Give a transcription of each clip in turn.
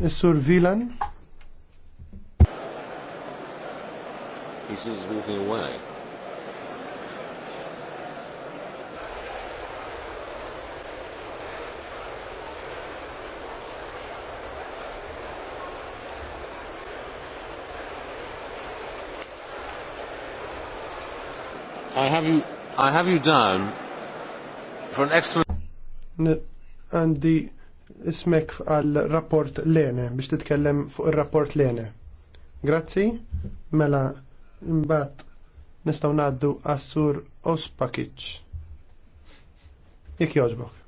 Is-Sur Vilan. He seems walking away. I have you I have you down for an excellent and the ismek għal rapport Lene biex titkellem fuq ir-rapport Lene. Grazzi, mela mbagħad nistgħu ngħaddu għassur Ospakic. Jekk jogħġbok.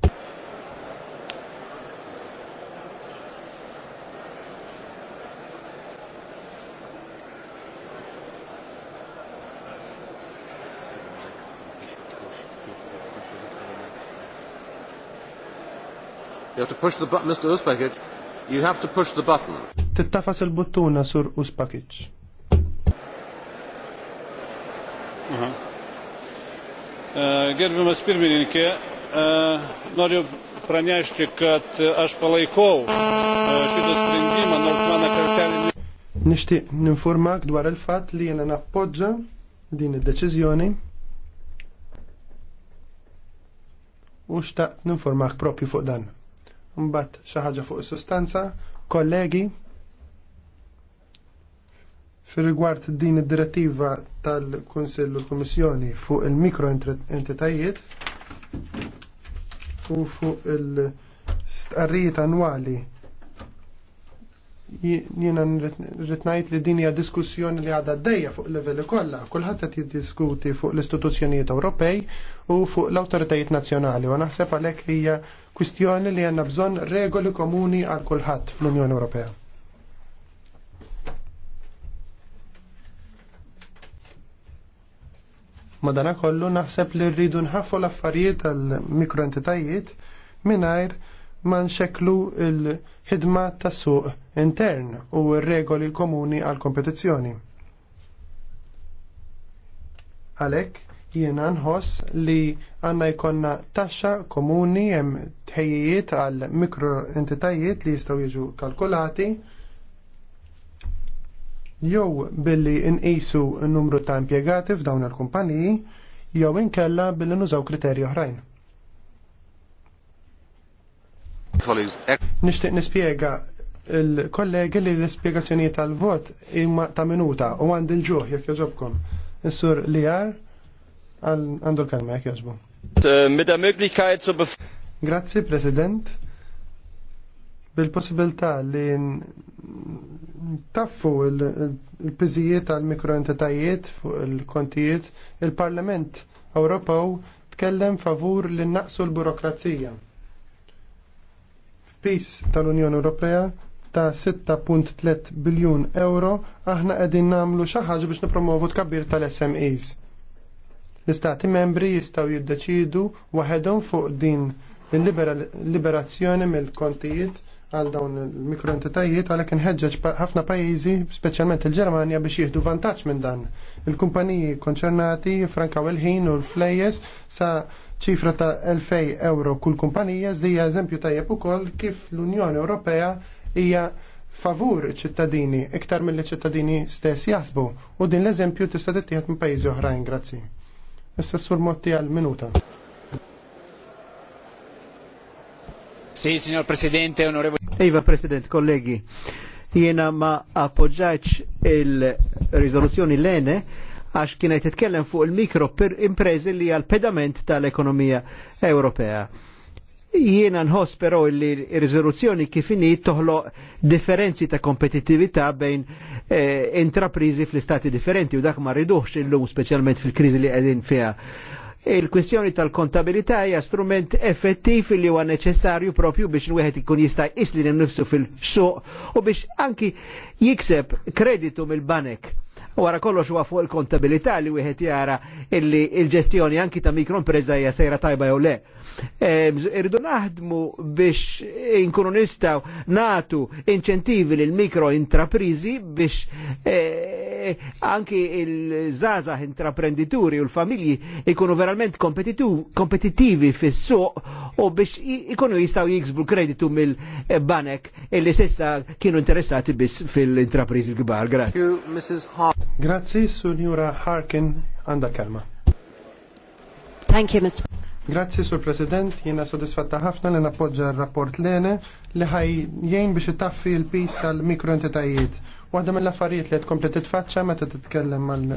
You have to push the button, Mr. Uspakic. You have to push the button. Tittafas il-buttuna sur Uspakic. Eh, Gerbi mas pirmininkė, eh, noriu pranešti, kad aš palaikau eh, šitą sprendimą, nors mano kartelį. Nishti ninformak dwar il-fat li jena nappoġġa din id-deċiżjoni u xtaqt ninformak propju fuq dan mbatt xi ħaġa fuq is-sustanza, kollegi. fil rigward din id-direttiva tal-Kunsill u l-Kummissjoni fuq il-mikroentitajiet u fuq il-stqarrijiet annwali jiena rritnajt li din hija diskussjoni li għadha d-dejja fuq livelli kollha, kulħadd qed jiddiskuti fuq l-istituzzjonijiet Ewropej u fuq l-awtoritajiet nazzjonali u naħseb għalhekk hija kwistjoni li għandna bżonn regoli komuni għal kulħadd fl-Unjoni Ewropea. Madana kollu naħseb li rridu nħaffu l-affarijiet għal mikroentitajiet mingħajr ma nxeklu il-ħidma tas suq intern u r-regoli komuni għal kompetizzjoni. Għalek, jiena nħoss li għanna jkonna taxxa komuni hemm tħejjiet għal mikroentitajiet li jistgħu jiġu kalkulati jew billi nqisu n-numru ta' impjegati f'dawn il-kumpaniji jew inkella billi nużaw kriterji oħrajn. Nishtiq nispiega il-kollegi li l-spiegazzjoni tal-vot imma ta' minuta u għand il-ġuħ jek jazobkom. Is-sur Lijar għandu l kalma jek joġbu. Eh, Mida möglichkeit zu Grazzi, President. Bil-possibilità li taffu il-pizijiet għal mikroentitajiet fuq il-kontijiet, il-Parlament Ewropew tkellem favur li naqsu l-burokrazija pis tal-Unjoni Ewropea ta' 6.3 biljun euro aħna qegħdin nagħmlu xi ħaġa biex nipromovu tkabbir tal-SMEs. L-istati membri jistgħu jiddeċidu waħedhom fuq din il-liberazzjoni mill-kontijiet għal dawn il-mikroentitajiet għalhekk inħeġġeġ ħafna pajjiżi, speċjalment il-Ġermanja biex jieħdu vantaġġ minn dan. Il-kumpaniji konċernati frankaw il-ħin u l-flejjes sa ċifra ta' 2000 euro kull kumpanija zdija eżempju tajjeb ukoll kif l-Unjoni Ewropea hija favur ċittadini iktar mill ċittadini stess jasbu u din l-eżempju tista' tittieħed minn pajjiżi oħrajn grazzi. Issa sur Motti għal minuta. Sì, signor Presidente, onorevoli. Iva, President, kollegi, jiena ma appoġġajċ il-rizoluzzjoni l-ene għax kienet titkellem fuq il-mikro imprezi li għal pedament tal-ekonomija Ewropea. Jiena nħoss però li r-riżoluzzjoni kifini toħloq differenzi ta' kompetittività bejn eh, intraprizi fl-istati differenti u dak ma riduħx illum speċjalment fil-kriżi li qegħdin fiha il-kwistjoni tal-kontabilità hija strument effettiv li huwa neċessarju propju biex wieħed ikun jista' jisli nifsu fil-suq u biex anki jikseb kreditu mill-banek. Wara kollox huwa fuq il-kontabilità li wieħed jara illi il-ġestjoni anki ta' mikroimpreża hija sejra tajba jew le. E, irridu naħdmu biex inkunu nistaw natu inċentivi lil mikro intraprizi biex e, anki il-żaza intraprendituri u l-familji ikunu verament kompetitivi fis-suq u biex ikunu jistaw jiksbu kreditu mill-banek illi sessa kienu interessati biex fil-intraprizi l-kbar. Grazie. Grazie, Sunjura Harkin, għanda kalma. Thank you, Mr. Grazzi sur President, jiena sodisfatta ħafna li nappoġġa r-rapport Lene li ħaj jgħin biex itaffi l-pis għal mikroentitajiet. Waħda mill-affarijiet li tkompli titfaċċa meta titkellem mal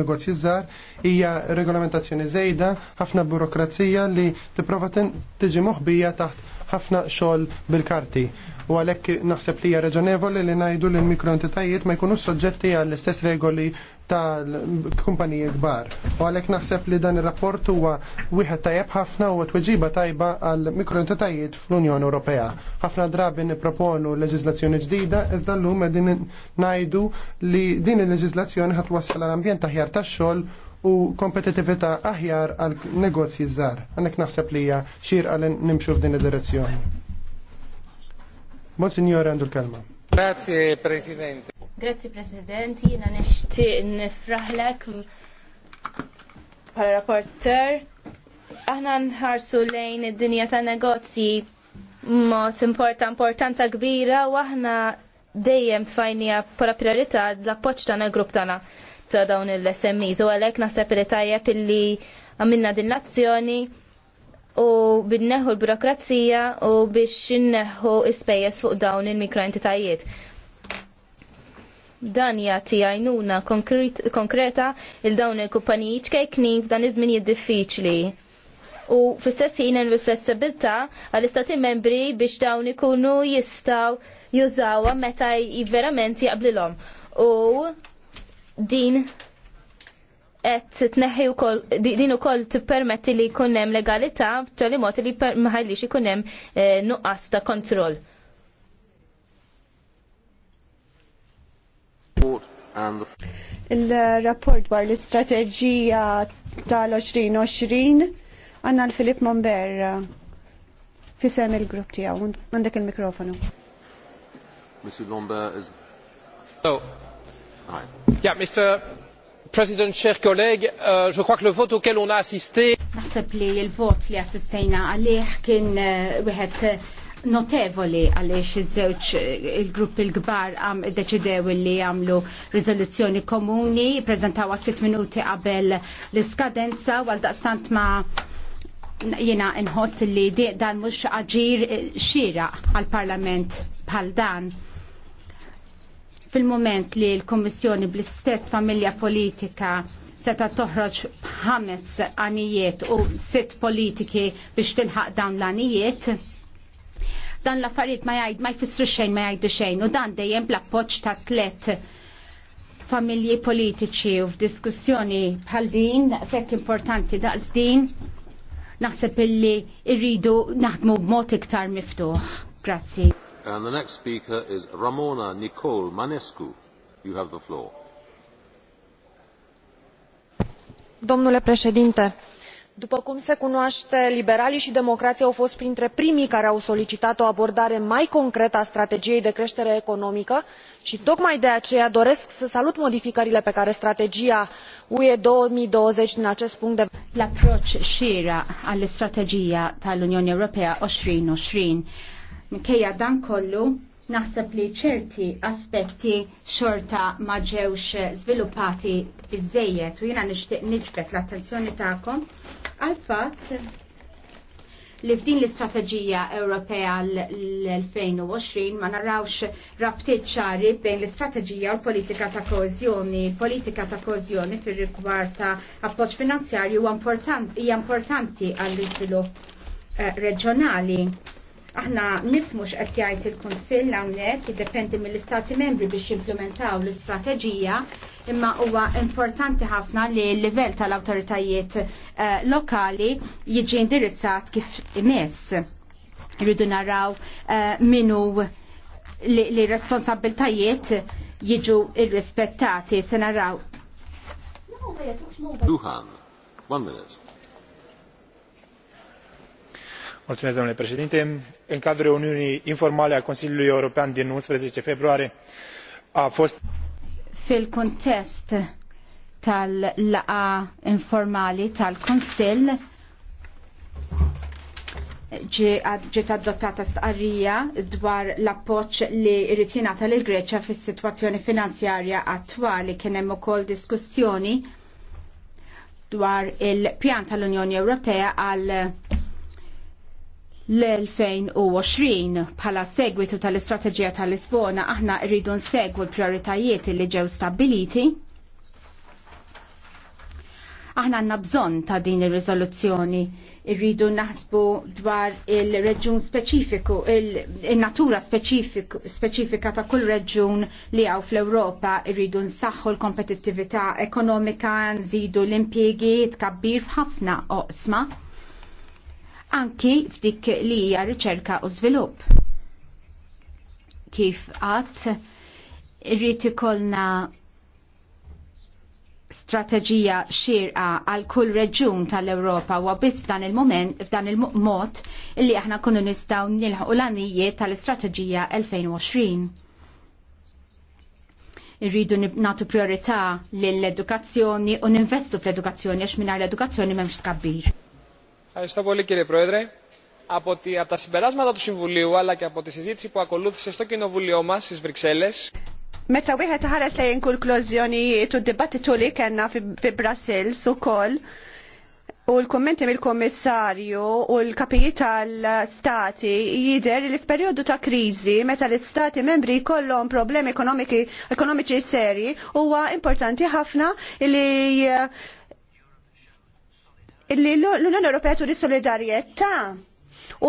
negozji żgħar hija regolamentazzjoni żejda, ħafna burokrazija li tipprova tiġi moħbija taħt ħafna xogħol bil-karti u għalhekk naħseb li hija raġonevoli li ngħidu li l-mikroentitajiet ma jkunux soġġetti għall-istess regoli tal-kumpaniji kbar. U għalhekk naħseb li dan ir-rapport huwa wieħed tajjeb ħafna u tweġiba tajba għal mikroentitajiet fl-Unjoni Ewropea. Ħafna drabi nipproponu leġiżlazzjoni ġdida iżda llum qegħdin ngħidu li din il-leġiżlazzjoni ħadd wassal għall-ambjent aħjar tax-xogħol u kompetitività aħjar għal negozji żgħar. Għandek naħseb li hija xirqa li nimxu f'din id-direzzjoni. Monsignor għandu l-kelma. Grazie, Presidente. Grazie, Presidente. Jina nishti nifraħlek pal rapporter. Aħna nħarsu lejn id-dinja ta' negozji mod importa importanza kbira u aħna dejjem tfajnija pala priorità l-appoċ ta' grupp tagħna ta' dawn il-SMEs u għalhekk naħseb li tajjeb għamilna din l-azzjoni u binneħu l-burokrazija u biex inneħu ispejjes fuq dawn il-mikroentitajiet. Dan jagħti għajnuna konkreta il dawn il-kumpaniji ċkejkni f'dan iż-żmien diffiċli. U fl-istess ħin hemm flessibilità għall-istati membri biex dawn ikunu jistgħu jużawha meta verament jaqblilhom. U din qed tneħħi wkoll din ukoll tippermetti li jkun hemm legalità b'tali mod li maħallix ikun hemm eh, nuqqas ta' kontroll. Il-rapport dwar l-istrateġija tal-2020 għanna l-Filip Momber fisem il-grupp tijaw, għandek il-mikrofonu. Mr. Lomber is... Oh. Hi. Yeah, Mr. President, chers collègues, euh, je crois que le vote auquel on a assisté. Naħseb li l-vot li assistejna għalih kien euh, wieħed euh, notevoli għaliex iż-żewġ euh, il-grupp il-kbar għam deċidew li għamlu riżoluzzjoni komuni, prezentawa sitt minuti qabel l-iskadenza għal daqstant ma jena nħoss li dan mhux aġir eh, xira għal-parlament bħal dan fil-moment li l-Kommissjoni bl-istess familja politika seta toħroġ ħames għanijiet u sitt politiki biex tilħaq dawn l-għanijiet, dan l-affarijiet ma jgħid ma jfissru xejn ma jgħidu xejn u dan dejjem bl-appoġġ ta' tlet familji politiċi u f'diskussjoni bħal din sekk importanti daqs din naħseb illi irridu naħdmu b'mod iktar miftuħ. Grazzi. And the next speaker is Ramona Nicole Manescu. You have the floor. Domnule președinte, după cum se cunoaște, liberalii și democrații au fost printre primii care au solicitat o abordare mai concretă a strategiei de creștere economică și tocmai de aceea doresc să salut modificările pe care strategia UE 2020 din acest punct de vedere. L-approċ tal 2020 Minkejja dan kollu, naħseb li ċerti aspetti xorta ma ġewx sviluppati biżejjed u jiena nixtieq niġbed l-attenzjoni tagħkom għal fatt li f'din l-istrateġija Ewropea l-2020 ma narawx rabtiet ċari bejn l-istrateġija u l-politika ta' koeżjoni. l politika ta' koeżjoni fir-rigward ta' appoġġ finanzjarju hija importanti għall-iżvilupp eh, reġjonali Aħna nifmux qed jgħid il-Kunsill hawnhekk jiddependi mill-Istati Membri biex jimplementaw l-istrateġija, imma huwa importanti ħafna li l-livell tal-awtoritajiet eh, lokali jiġi indirizzat kif imess. Rridu naraw min eh, minu li, responsabiltajiet jiġu irrispettati se naraw. one minute în cadrul reuniunii informale a consiliului european din unsprezece februarie a fost fil kuntest tal laqgħa informali tal kunsill ġiet adottata stqarrija dwar l-appoġġ li rrid jingħata lill Greċja fis-sitwazzjoni finanzjarja attwali kien hemm ukoll diskussjoni dwar il-pjan tal-Unjoni Ewropea għal l-2020 bħala segwitu tal-istrateġija tal-Lisbona aħna rridu nsegwu l-prioritajiet li ġew stabiliti. Aħna għandna bżonn ta' din ir-riżoluzzjoni irridu naħsbu dwar il-reġun speċifiku, il-natura speċifika ta' kull reġun li għaw fl-Europa irridu nsaħħu l-kompetittività ekonomika, nżidu l-impiegi, tkabbir f'ħafna oqsma anki f'dik li hija riċerka u żvilupp. Kif qatt irrid ikollna strateġija xirqa għal kull reġjun tal-Ewropa u biss f'dan il-moment f'dan il-mod illi aħna kunu nistgħu nilħu l-għanijiet tal-istrateġija 2020. Irridu nagħtu priorità lill-edukazzjoni u ninvestu fl-edukazzjoni għax mingħajr l-edukazzjoni m'hemmx tkabbir. Ευχαριστώ πολύ κύριε Πρόεδρε. Από, τη, από τα συμπεράσματα του Συμβουλίου αλλά και από τη συζήτηση που ακολούθησε στο Κοινοβουλίο μα στι Βρυξέλλε. Meta wieħed ħares lejn konklużjonijiet u d-dibattitu li kellna fi Brussels ukoll u l kummenti mill kummissarju u l-kapijiet tal-Stati jidher li f'perjodu ta' kriżi meta l istati membri jkollhom problemi ekonomiċi serji huwa importanti ħafna li illi l-Unjoni Ewropea turi solidarjetà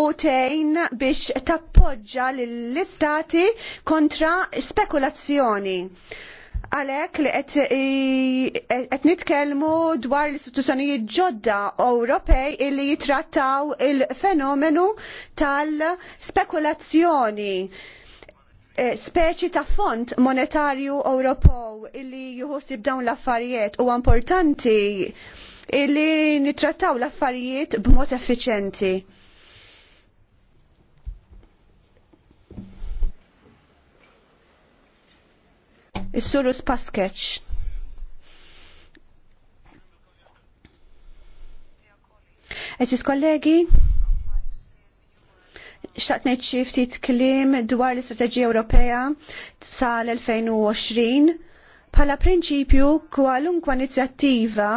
u tgħin biex tappoġġa lill-istati kontra spekulazzjoni. Għalhekk li qed nitkellmu dwar l-istituzzjonijiet ġodda Ewropej illi jitrattaw il-fenomenu tal-spekulazzjoni e, speċi ta' font monetarju Ewropew illi jħossib dawn l-affarijiet huwa importanti Illi nitrattaw l-affarijiet b'mod effiċenti. Is-surus Paskeċ. Eżis kollegi, xtaqt ngħid xi ftit kliem dwar l-Istrateġija Ewropea sal-2020 bħala prinċipju kwalunkwa inizjattiva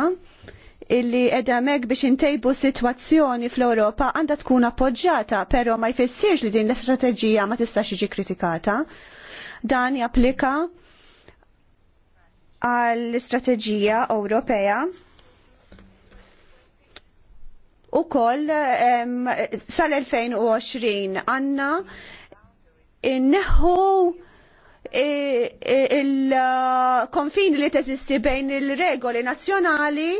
illi edamek biex intejbu situazzjoni fl-Europa għanda tkun appoġġata, pero ma jfessirx li din l-istrateġija ma tistax iġi kritikata. Dan japplika għall-istrateġija Ewropea u koll sal-2020 għanna inneħu E, e, il-konfini li teżisti bejn il-regoli nazzjonali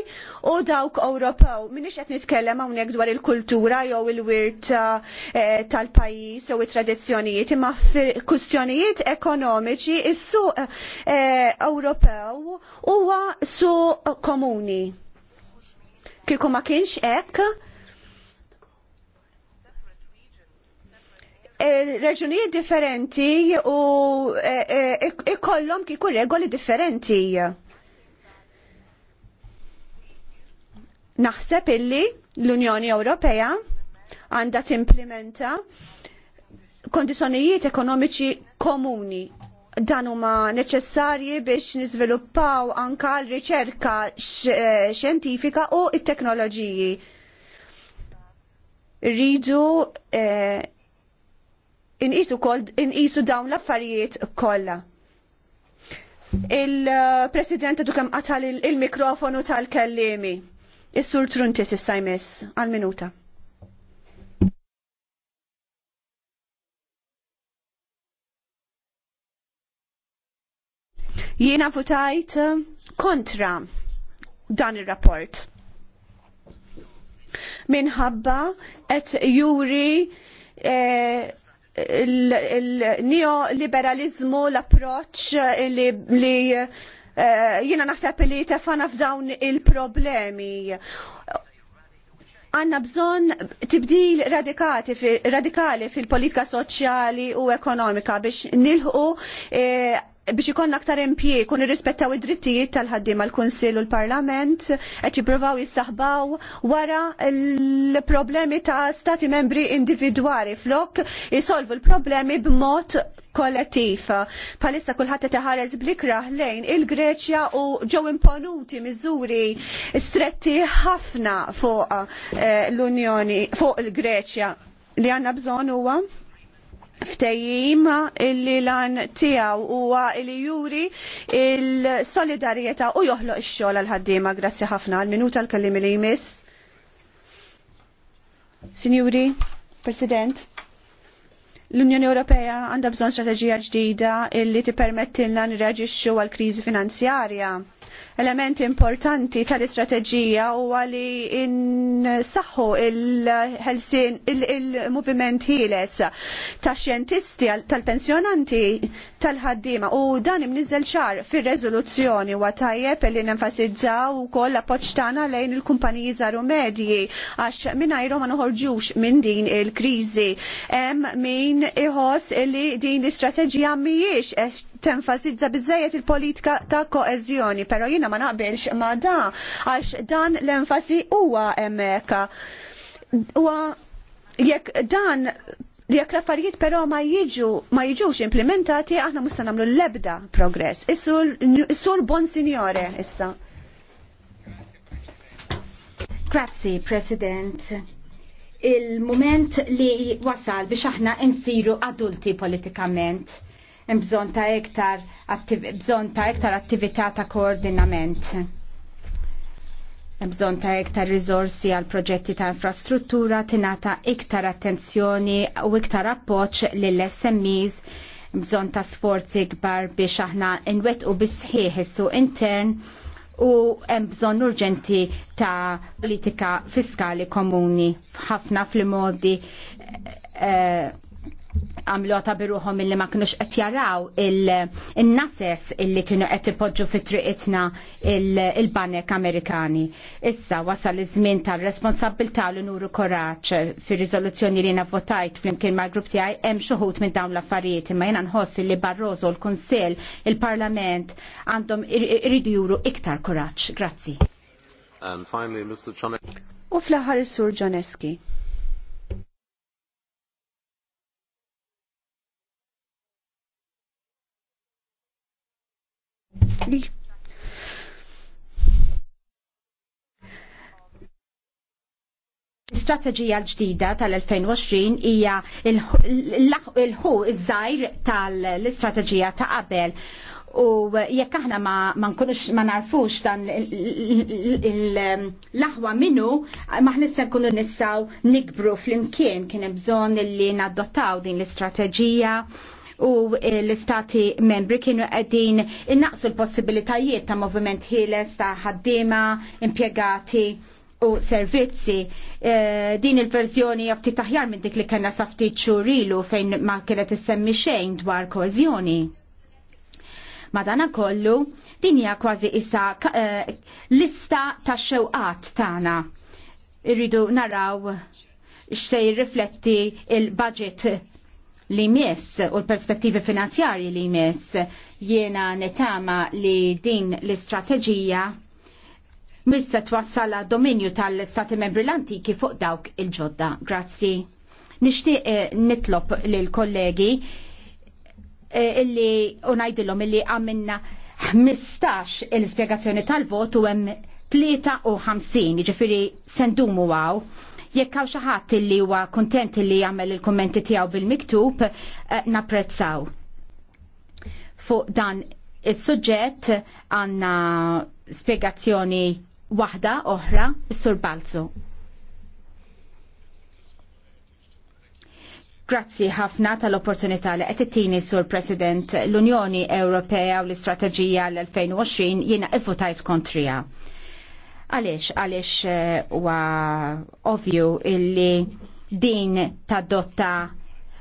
u dawk Ewropew. Minix qed nitkellem hawnhekk dwar il-kultura jew il-wirt e, tal-pajjiż jew it-tradizzjonijiet, imma kustjonijiet ekonomiċi is-suq Ewropew huwa suq komuni. Kieku ma kienx hekk, reġunijiet differenti u e, e, ikollom kieku regoli differenti. Naħseb illi l-Unjoni Ewropea għandha timplementa kondizjonijiet ekonomiċi komuni dan huma neċessarji biex niżviluppaw anka l-riċerka e, xjentifika u t teknoloġiji Rridu eh, inqisu kol inqisu dawn l-affarijiet kollha. Il-President għadu kem għatal il-mikrofonu tal-kellimi. Is-sur Truntis issa jmiss għal-minuta. Jiena votajt kontra dan ir-rapport. Minħabba qed juri eh, il-neoliberalizmu, il l-approċ eh, li, li uh, jina naħseb li tefana f'dawn il-problemi. Għanna bżon tibdil fi, radikali fil-politika soċjali u ekonomika biex nilħu uh, biex ikon aktar MPA kun irrispettaw id-drittijiet tal-ħaddiema għal kunsill u l-Parlament qed jippruvaw jistaħbaw wara l-problemi ta' stati membri individwali flok jisolvu l-problemi b'mod kollettiv. Palissa kulħadd qed iħares blikraħ lejn il-Greċja u ġew imponuti miżuri stretti ħafna fuq eh, l-Unjoni fuq il-Greċja li għandna bżonn huwa ftejjim illi lan tiegħu huwa li juri il-solidarjetà u joħloq ix-xogħol għal ħaddiema grazzi ħafna għal minuta l-kellim li jmiss. Sinjuri, President, l-Unjoni Ewropea għandha bżonn strateġija ġdida illi tippermettilna nirreġixxu għall kriżi finanzjarja element importanti tal-istrateġija huwa li nsaħħu il ħelsien il il ħieles ta' xjentisti tal-pensjonanti tal-ħaddiema u dan imniżel ċar fir-reżoluzzjoni huwa tajjeb li nenfasizzaw ukoll l-appoġġ tagħna lejn il-kumpaniji żaru medji għax mingħajrhom ma noħorġux minn din il-kriżi. Hemm min iħoss li din l-istrateġija mhijiex tenfasizza biżżejjed il-politika ta' koeżjoni, però jiena ma naqbilx ma da għax dan l-enfasi huwa hemmhekk. Huwa jekk dan li jekk l-affarijiet però ma jiġu ma jiġux implementati aħna mhux se nagħmlu l-ebda progress. Is-sur bon sinjore issa. Grazzi, President. Il-moment li wasal biex aħna insiru adulti politikament hemm bżonn ta' iktar bżonn ta' iktar attività ta' koordinament bżon ta' iktar rizorsi għal proġetti ta' infrastruttura tinata iktar attenzjoni u iktar appoċ lill-SMEs bżon ta' sforzi kbar biex aħna nwettqu u bisħiħ su intern u hemm bżonn urġenti ta' politika fiskali komuni f'ħafna fl-modi eh, għamlu għatabiruħom illi ma kienux qed jaraw il-nases illi kienu qed ipoġġu fit triqitna il-banek Amerikani. Issa wasal iż-żmien tal-responsabilità l nuru koraċ fir-riżoluzzjoni li votajt flimkien mal-grupp tiegħi hemm xuħut minn dawn l-affarijiet imma jiena nħoss li Barroso l-Kunsill il-Parlament għandhom iridu juru iktar koraċ. Grazzi. And finally, Mr. U fl-aħħar is-Sur Ġoneski. L-istrateġija l-ġdida tal-2020 hija l-ħu iż-żajr tal-istrateġija ta' qabel u jekk aħna ma, ma nkunux ma narfux dan l-aħwa minnu, ma ħnissa nkunu nissaw nikbru fl-imkien kien hemm bżonn li nadottaw din l-istrateġija u l-istati membri kienu qegħdin innaqsu l-possibilitajiet ta' moviment ħieles ta' ħaddiema, impjegati u servizzi. E, din il-verżjoni jafti taħjar minn dik li kena safti ċurilu fejn ma kienet issemmi xejn dwar kozjoni. Madana kollu, din hija kważi issa e, lista ta' xewqat tagħna. Irridu naraw x'se jirrifletti il-budget li jmiss u l-perspettivi finanzjarji li jmiss jiena netama li din l-istrateġija mis se twassal dominju tal-Stati Membri l-antiki fuq dawk il-ġodda. Grazzi. Nixtieq eh, nitlob lill kollegi eh, illi ngħidilhom illi għamilna 15 il-spiegazzjoni tal-vot u hemm 53 ġifiri sendumu għaw. Jekk hawn xi ħadd illi huwa kuntent illi jagħmel il-kummenti tiegħu bil-miktub, eh, napprezzaw. Fuq dan is-suġġett għandna spiegazzjoni waħda oħra, Sur Balzu. Grazzi ħafna tal-opportunità li qed ittini sur President l-Unjoni Ewropea u l-Istrateġija l-2020 jiena ivvutajt kontrija. Għaliex, għaliex eh, huwa ovvju illi din tadotta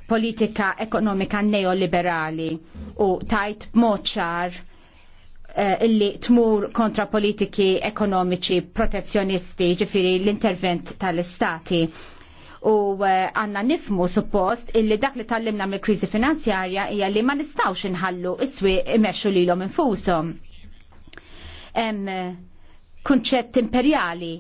politika ekonomika neoliberali u tajt moċar Eh, illi tmur kontra politiki ekonomiċi protezzjonisti ġifiri l-intervent tal-istati u eh, għanna nifmu suppost illi dak li tallimna mill kriżi finanzjarja hija li ma nistawx inħallu iswi imexxu lilhom infushom. Hemm kunċett imperjali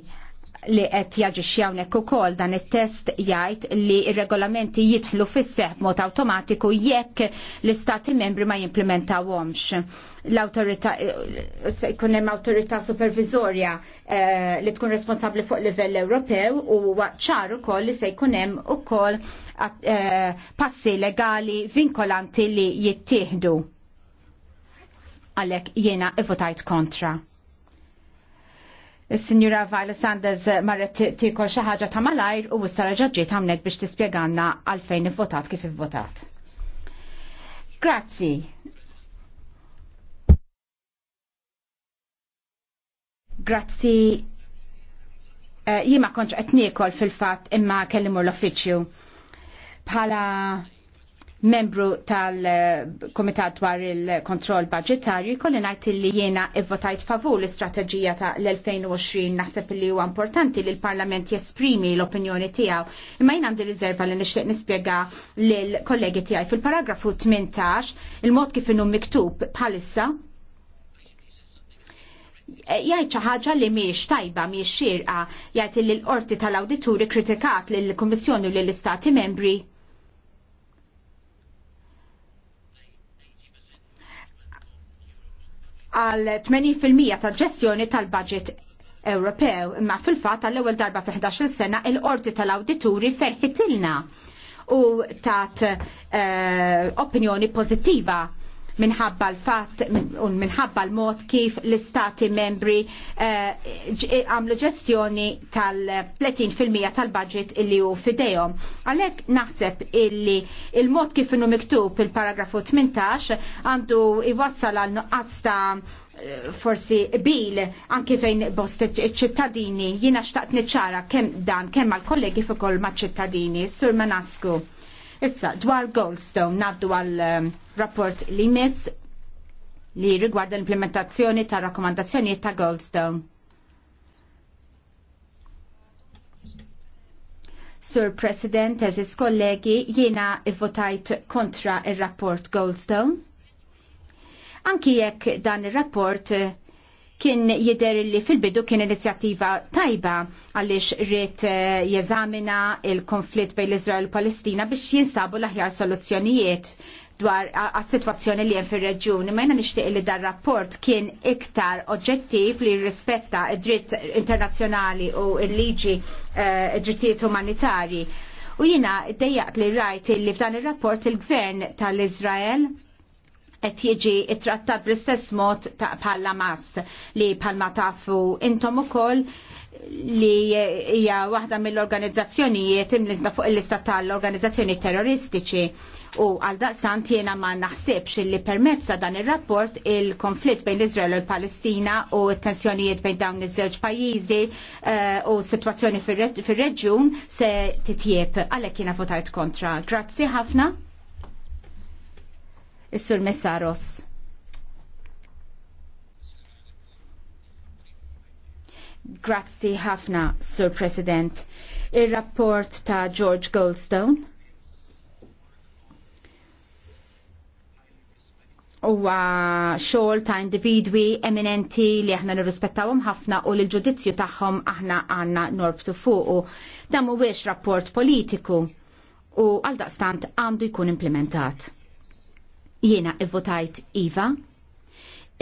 li qed jaġixxi hawnhekk ukoll dan it-test jgħid li r-regolamenti jidħlu fis-seħ b'mod awtomatiku jekk l-istati membri ma jimplementawhomx. L-autorità se jkun hemm awtorità supervizorja eh, li tkun responsabbli fuq livell Ewropew u ċar ukoll li se jkun hemm ukoll eh, passi legali vinkolanti li jittieħdu. Għalhekk jiena votajt kontra. Signora Vajla Sanders marret tiko xaħġa ta' malajr u issa ta' għamnek biex tispieganna għalfejn votat kif votat. Grazzi. Grazzi. Eh, Jima konċ etnikol fil-fat imma kellimur l-offiċju. Bħala membru tal-Komitat dwar il-Kontroll Budgetarju, kolli najt li jena votajt favur l-istrateġija ta' l-2020 naħseb li huwa importanti li l-Parlament jesprimi l-opinjoni tiegħu. Imma jien għandi riserva li nixtieq nispjega lill-kollegi tiegħi fil-paragrafu 18 il-mod kif inhu miktub bħalissa jgħid xi ħaġa li mhijiex tajba mhijiex xirqa jgħid li l-qorti tal-awdituri kritikat lill-Kummissjoni u lill-Istati Membri għal 80% tal-ġestjoni tal-budget Ewropew, imma fil-fatt għall-ewwel darba fi 11 sena il-qorti tal-awdituri ferħitilna u tat uh, opinjoni pozittiva minħabba l-fatt u minħabba l-mod kif l-istati membri eh, eh, għamlu uh, ġestjoni tal-30% tal-budget illi hu fidejhom. Għalhekk naħseb illi il-mod kif inhu miktub il-paragrafu 18 għandu iwassal għal nuqqasta eh, forsi bil anki fejn bost ċittadini jina xtaqt niċċara kem dan kemm għal kollegi fuq kol ma' ċittadini sur Manasku. Issa, dwar Goldstone, naddu għal ehm, rapport li mis li rigward l-implementazzjoni ta' rakkomandazzjoni ta' Goldstone. Sur President, eżis kollegi, jiena votajt kontra il-rapport Goldstone. Anki jekk dan il-rapport kien jider li fil-bidu kien inizjattiva tajba għaliex rrit eh, jeżamina il-konflitt bejn l-Izrael u Palestina biex jinsabu l-aħjar soluzzjonijiet dwar għas-sitwazzjoni li hemm fir-reġjun. Ma jena nixtieq li dar rapport kien iktar oġġettiv li jirrispetta id-dritt internazzjonali u l-liġi eh, id-drittijiet umanitarji. U jiena dejjaq li rajt li f'dan ir-rapport il-gvern tal-Iżrael qed jiġi trattat bl-istess mod ta' bħala mass li bħalma tafu intom ukoll li hija waħda mill-organizzazzjonijiet imlisba fuq il-lista tal-organizzazzjoni terroristiċi u għal daqsant jiena ma naħsibx li permezz ta' dan ir-rapport il-konflitt bejn l-Iżrael u l-Palestina u t-tensjonijiet bejn dawn iż-żewġ pajjiżi eh, u s-sitwazzjoni fir-reġjun se titjieb għalhekk jiena votajt kontra. Grazzi ħafna. Is-Sur Messaros. Grazzi ħafna, Sur President. Ir-rapport ta' George Goldstone huwa xogħol ta' individwi eminenti li aħna nirrispettawhom ħafna u l ġudizzju tagħhom aħna għandna norbtu fuqu. Dan mhuwiex rapport politiku u għaldaqstant għandu jkun implementat. Jiena ivvotajt Iva,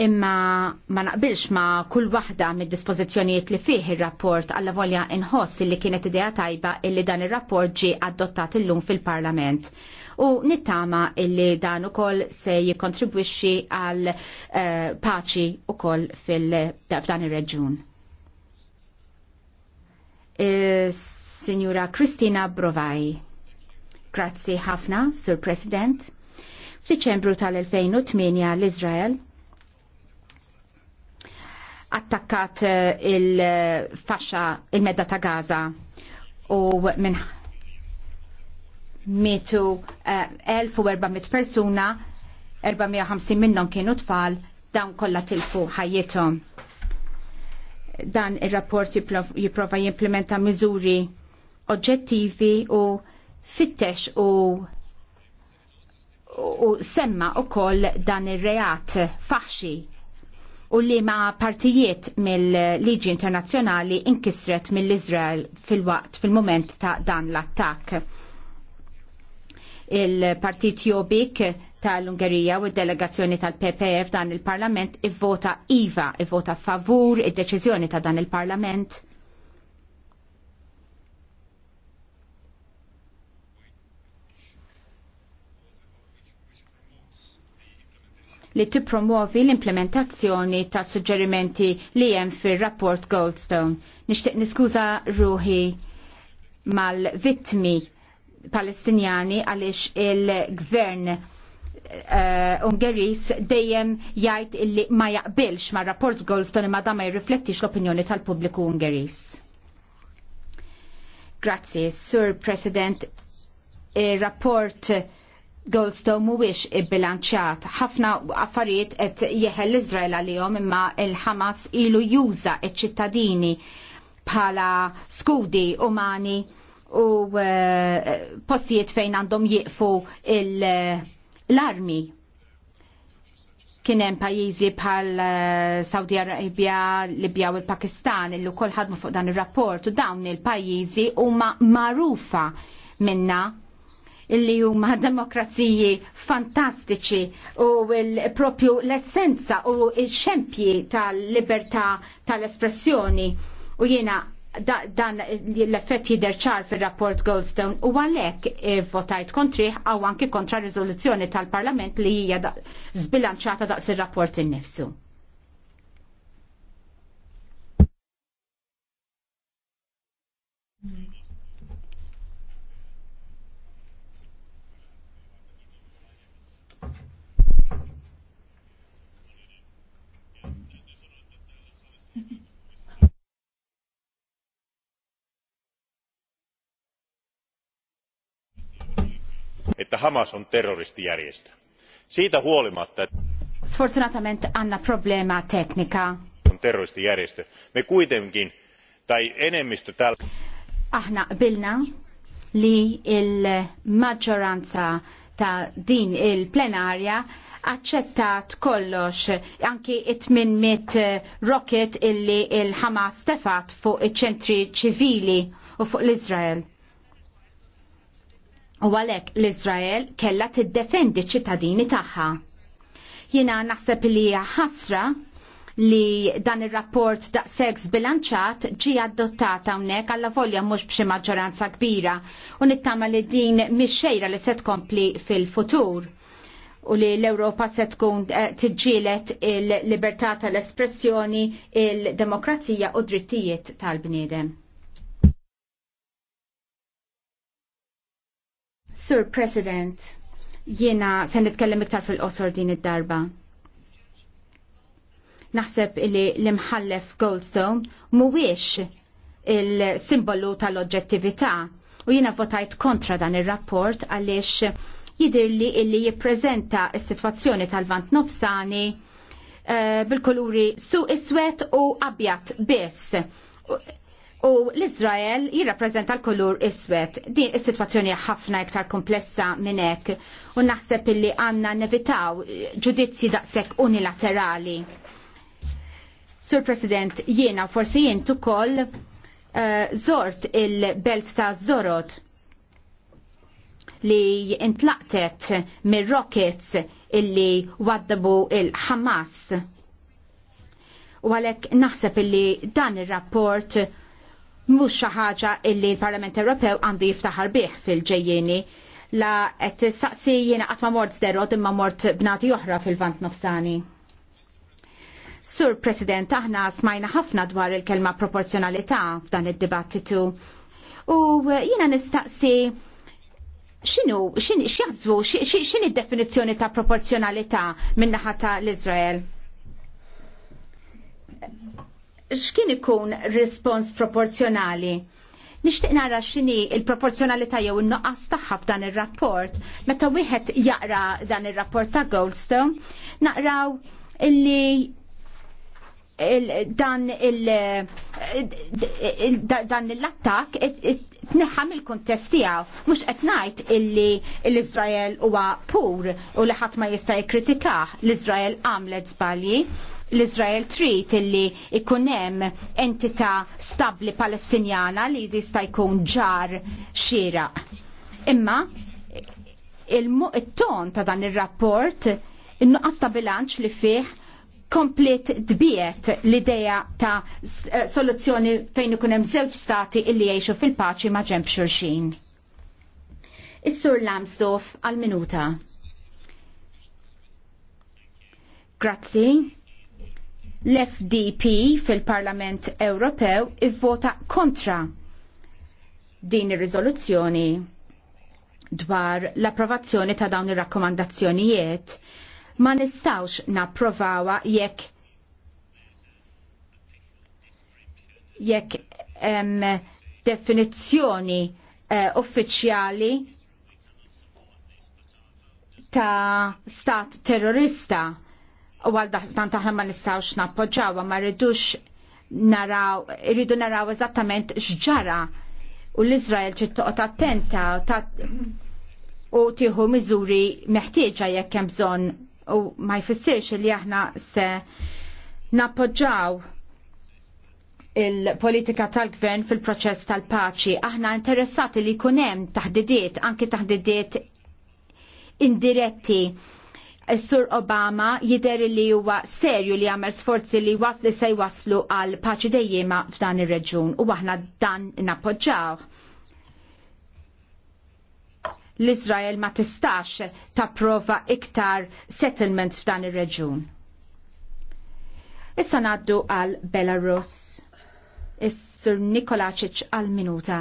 imma ma naqbilx ma kull waħda mid dispożizzjonijiet li fih ir-rapport għalla volja inħoss li kienet idea tajba illi dan ir-rapport ġie adottat illum fil-Parlament u nittama illi dan u koll se jikontribwixi għal eh, paċi u koll fil-dan il-reġun. Signora Kristina Brovaj. Grazzi ħafna, Sir President. F'Diċembru tal-2008 l-Izrael attakkat eh, il-faxxa il-medda ta' Gaza u minn 1400 eh, persuna 450 minnhom kienu tfal dawn kollha tilfu ħajjithom. Dan ir-rapport jipprova jimplementa miżuri oġġettivi u fittex u u semma u koll dan il-reat faħxi u li ma partijiet mill-liġi internazzjonali inkisret mill-Izrael fil-waqt fil-moment ta' dan l-attak. Il-partit Jobbik tal-Ungerija u d-delegazzjoni tal-PPF dan il-parlament ivvota iva, ivvota favur id-deċiżjoni ta' dan il-parlament li tippromovi l-implementazzjoni ta' suġġerimenti li hemm fir-rapport Goldstone. Nixtieq niskuża ruħi mal-vittmi Palestinjani għaliex il-gvern uh, Ungeris dejjem jgħid illi ma jaqbilx ma' rapport Goldstone imma da ma jirriflettix l-opinjoni tal-pubbliku Ungeris. Grazzi, Sur President, il-rapport Goldstone mhuwiex ibbilanċjat. Ħafna affarijiet qed jeħel l-Iżrael għalihom imma il-Ħamas ilu juża ċ ċittadini bħala skudi umani u e, postijiet fejn għandhom jieqfu e, l-armi kien hemm pajjiżi bħal e, Saudi Arabia, Libja u l-Pakistan illu wkoll ħadmu fuq dan ir-rapport u dawn il-pajjiżi huma magħrufa minna illi huma demokraziji fantastiċi u propju l-essenza u l-xempji tal-libertà tal-espressjoni u jiena da, dan l-effett jider ċar fil-rapport Goldstone u għalek eh, votajt kontri għaw anki kontra rizoluzzjoni tal-parlament li hija zbilanċata daqs il-rapport innifsu. että hamas on terroristijärjestö. siitä huolimatta Sfortunatamente sfortunatament problema tecnica. on terroristijärjestö me kuitenkin tai enemmistö täällä Ahna bilna li il-maġġoranza ta' din il-plenarja accettat kollox anki it min mit eh, rocket illi il-Hamas stefat fuq iċ-ċentri ċivili u fuq l-Izrael. U għalek l-Izrael kella tiddefendi ċittadini tagħha. Jiena naħseb li ħasra li dan il-rapport da' seks bilanċat ġi adottata unnek għalla volja mux bċi maġġoranza kbira u nittama li din misċejra li set kompli fil-futur u li l-Europa se tkun eh, tiġġielet il-libertà tal-espressjoni, il-demokrazija u drittijiet tal-bniedem. Sir President, jiena se nitkellem iktar fil-qosor din id-darba. Naħseb li l-imħallef Goldstone mhuwiex il-simbolu tal-oġġettività u jiena votajt kontra dan ir-rapport għaliex li illi jippreżenta s-sitwazzjoni tal-vant nofsani uh, bil-kuluri su iswet u abjat biss u l-Izrael jirrappreżenta l-kolur iswed. Din is-sitwazzjoni ħafna iktar komplessa minn hekk u naħseb illi għandna nevitaw ġudizzji daqshekk unilaterali. Sur President, jiena forsi jint ukoll uh, zort il-belt ta' Zorod li intlaqtet mir-rockets illi waddabu il-Hamas. U għalek naħseb illi dan il-rapport mhux xi ħaġa illi l-Parlament Ewropew għandu jiftaħar bih fil-ġejjeni la qed saqsi jiena qatt ma mort zderod imma mort bnati oħra fil-vant nofsani. Sur President, aħna smajna ħafna dwar il-kelma proporzjonalità f'dan id-dibattitu. U eh, jiena nistaqsi xinu, xin, xinhi xin id-definizjoni ta' proporzjonalità minnaħa ta' l-Izrael? x'kien ikun rispons proporzjonali? Nixtieq nara x'inhi il-proporzjonalità jew in-noqqas tagħha f'dan ir-rapport. Meta wieħed jaqra dan ir-rapport ta' Goldstone, naqraw illi dan il dan l-attak tneħħam il-kontest tiegħu mhux qed ngħid illi l-Iżrael huwa pur u li ħadd ma jista' jikkritikah l-Iżrael għamlet żbalji l israel trid illi ikun hemm entità stabbli Palestinjana li jista' jkun ġar xieraq. Imma il-ton ta' dan ir-rapport innuqqas ta' bilanċ li fih komplet dbiet l-ideja ta' eh, soluzzjoni fejn ikun hemm żewġ stati illi jgħixu fil-paċi ma' ġemp xulxin. Is-Sur Lamsdorf għal-minuta. Grazzi l-FDP fil-Parlament Ewropew ivvota kontra din ir-riżoluzzjoni dwar l-approvazzjoni ta' dawn ir-rakkomandazzjonijiet ma nistawx napprovawa jekk jekk definizzjoni uh, uffiċjali ta' stat terrorista u għal daħstan taħna ma nistawx nappoġġaw, ma rridux naraw, rridu naraw eżattament xġara u l-Izrael ċittuqot toqgħod attenta u tieħu miżuri meħtieġa jekk hemm bżonn u ma jfissirx li aħna se nappoġġaw il-politika tal-gvern fil-proċess tal-paċi. Aħna interessati li jkun hemm taħdidiet, anki taħdidiet indiretti Sur Obama jider li huwa serju li għamel sforzi li was li se waslu għal paċi dejjema f'dan ir-reġun u aħna dan nappoġġaw. L-Izrael ma tistax tapprova iktar settlement f'dan ir-reġun. Issa naddu għal Belarus. Is-Sur Nikolaċiċ għal minuta.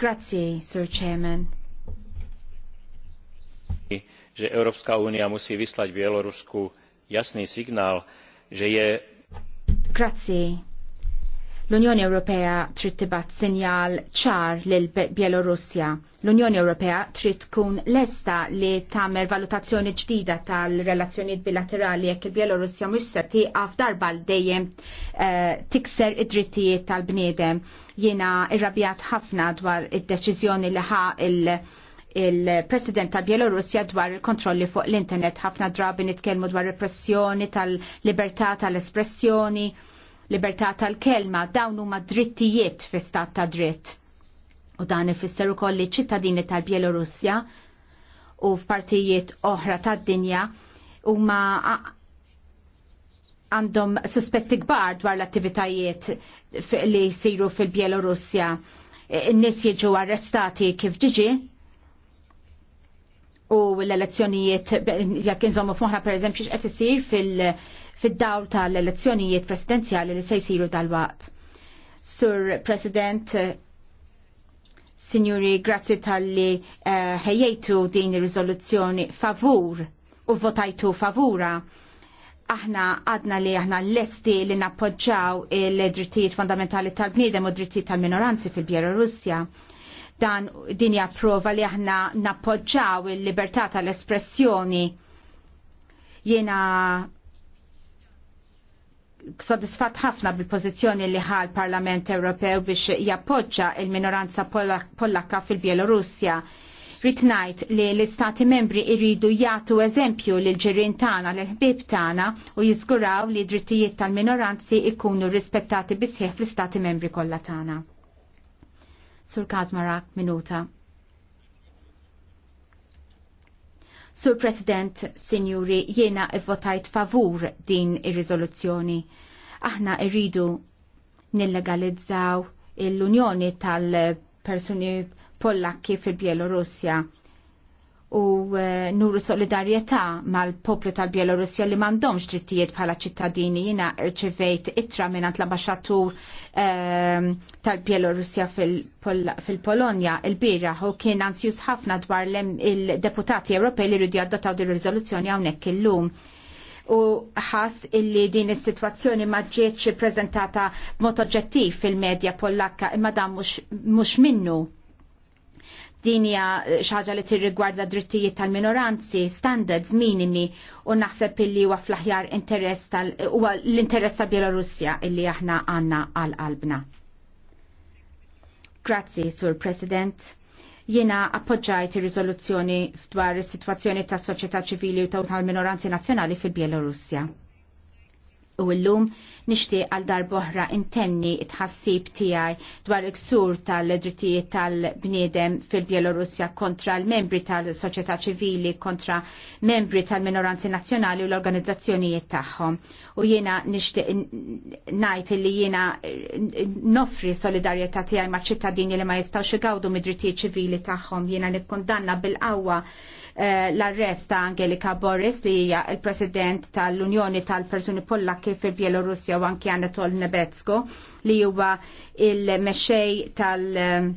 Grazie, Sir Chairman. že Európska únia musí vyslať Bielorusku jasný signál, že je... Grazie, L-Unjoni Ewropea trid tibgħat sinjal ċar lil Bielorussja. L-Unjoni Ewropea trid tkun lesta li tagħmel valutazzjoni ġdida tal-relazzjonijiet bilaterali jekk il-Bielorussja mhux se tieqaf darba l dejjem eh, tikser id-drittijiet tal-bniedem. Jiena irrabjat ħafna dwar id-deċiżjoni li ħa il- il-President tal Bielorussja dwar il-kontrolli fuq l-internet ħafna drabi nitkellmu dwar repressjoni tal-libertà tal-espressjoni. tal libertà tal espressjoni libertà tal-kelma, dawn huma drittijiet fi stat ta' dritt. U dan ifisser ukoll li ċittadini tal-Bielorussja u f'partijiet oħra tad-dinja huma għandhom suspetti kbar dwar l-attivitajiet li jsiru fil-Bielorussja. N-nies jiġu arrestati kif ġiġi u l-elezzjonijiet, jekk nżommu f'moħna per eżempju x'qed isir fil- fid-dawl tal-elezzjonijiet presidenzjali li se jsiru dal-waqt. Sur President, Signori, grazzi tal-li eh, ħejjejtu uh, din ir-riżoluzzjoni favur u votajtu favura aħna għadna li aħna l-lesti li nappoġġaw il-drittijiet fondamentali tal-bniedem u drittijiet tal-minoranzi fil-Bielorussja. Dan din prova li aħna nappoġġaw il-libertà tal-espressjoni. Jena sodisfat ħafna bil-pozizjoni li ħal Parlament Ewropew biex jappoġġa il-minoranza pollakka fil-Bielorussja. Ritnajt li l-istati membri irridu jagħtu eżempju l ġirien tagħna l ħbieb tagħna u jiżguraw li drittijiet tal-minoranzi ikunu rispettati bisħieħ fl-istati membri kollha tagħna. Sur Kazmarak, minuta. Sur President, Sinjuri, jiena votajt favur din ir-riżoluzzjoni. Aħna irridu nillegalizzaw l-Unjoni tal-persuni Pollakki fil-Bielorussja u eh, nuru solidarjetà mal-poplu tal-Bielorussja li m'għandhomx drittijiet bħala ċittadini jiena rċivejt ittra minn l um, tal-Bielorussja fil-Polonja il-bira u kien ansjus ħafna dwar il-deputati Ewropej li rridu di din riżoluzzjoni hawnhekk illum u ħas illi din is-sitwazzjoni ma ġietx prezentata mod oġġettiv fil-medja pollakka imma dan mhux minnu dinja eh, xaġa li tirrigwarda drittijiet tal-minoranzi, standards minimi u naħseb illi huwa fl-aħjar interess tal eh, huwa l-interess ta' Bielorussja illi aħna għandna għal qalbna. Grazzi, Sur President. Jiena appoġġajt ir-riżoluzzjoni fdwar is-sitwazzjoni tas-soċjetà ċivili u tal-minoranzi nazzjonali fil-Bielorussja u llum nixtieq għal darboħra intenni tħassib tiegħi dwar iksur tal-drittijiet tal-bniedem fil-Bielorussja kontra l-membri tal-soċjetà ċivili, kontra membri tal-minoranzi nazzjonali u l-organizzazzjonijiet tagħhom. U jiena nixtieq ngħid li jiena noffri solidarjetà tiegħi maċ ċittadini li ma jistgħux igawdu mid-drittijiet ċivili tagħhom. Jiena nikkundanna bil-qawwa Eh, l-arrest ta' Angelika Boris li hija il-President tal-Unjoni tal-Persuni Pollakki fil bjelorussja u anki Anatol Nebetsko li huwa il-mexxej tal- eh,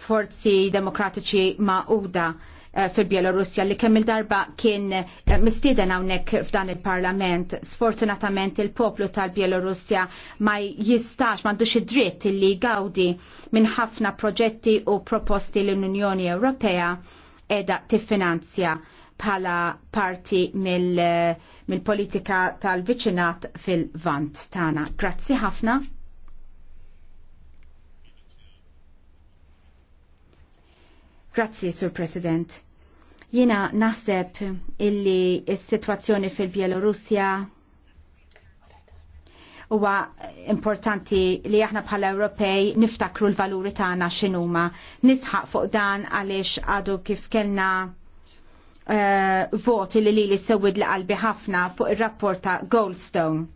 forzi demokratiċi Ma'uda. Eh, fil-Bielorussja li kemm il-darba kien eh, mistieden hawnhekk f'dan il-Parlament. Sfortunatament il-poplu tal-Bielorussja ma jistax m'għandux id-dritt li gawdi minn ħafna proġetti u proposti l-Unjoni Ewropea edha tiffinanzja bħala parti eh, mill-politika mil tal-viċinat fil-vant tagħna. Grazzi ħafna. Grazzi, Sur President. Jina naħseb illi s-situazzjoni fil-Bielorussja huwa importanti li aħna bħala Ewropej niftakru l-valuri tagħna x'inhuma. Nisħaq fuq dan għaliex għadu kif kellna uh, voti li li li sewid li qalbi ħafna fuq ir-rapport ta' Goldstone.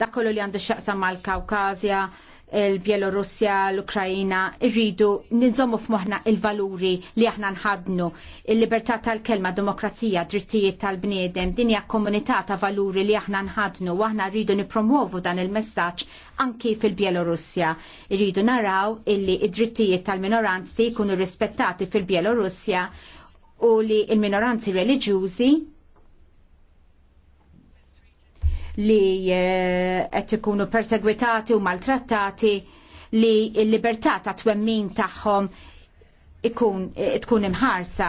Dak kollu li għandu x'aqsam mal-Kawkazja, il-Bielorussja, l-Ukrajina, irridu ninżommu f'moħna il-valuri li aħna nħadnu, il-libertà tal-kelma, demokrazija, drittijiet tal-bniedem, dinja komunità ta' valuri li aħna nħadnu, u aħna rridu nipromuovu dan il-messaġġ anki fil-Bielorussja. Irridu naraw illi id-drittijiet tal-minoranzi jkunu rispettati fil-Bielorussja u li il-minoranzi reliġjużi li eh, qed ikunu persegwitati u maltrattati li l-libertà ta' twemmin tagħhom ikun eh, tkun imħarsa.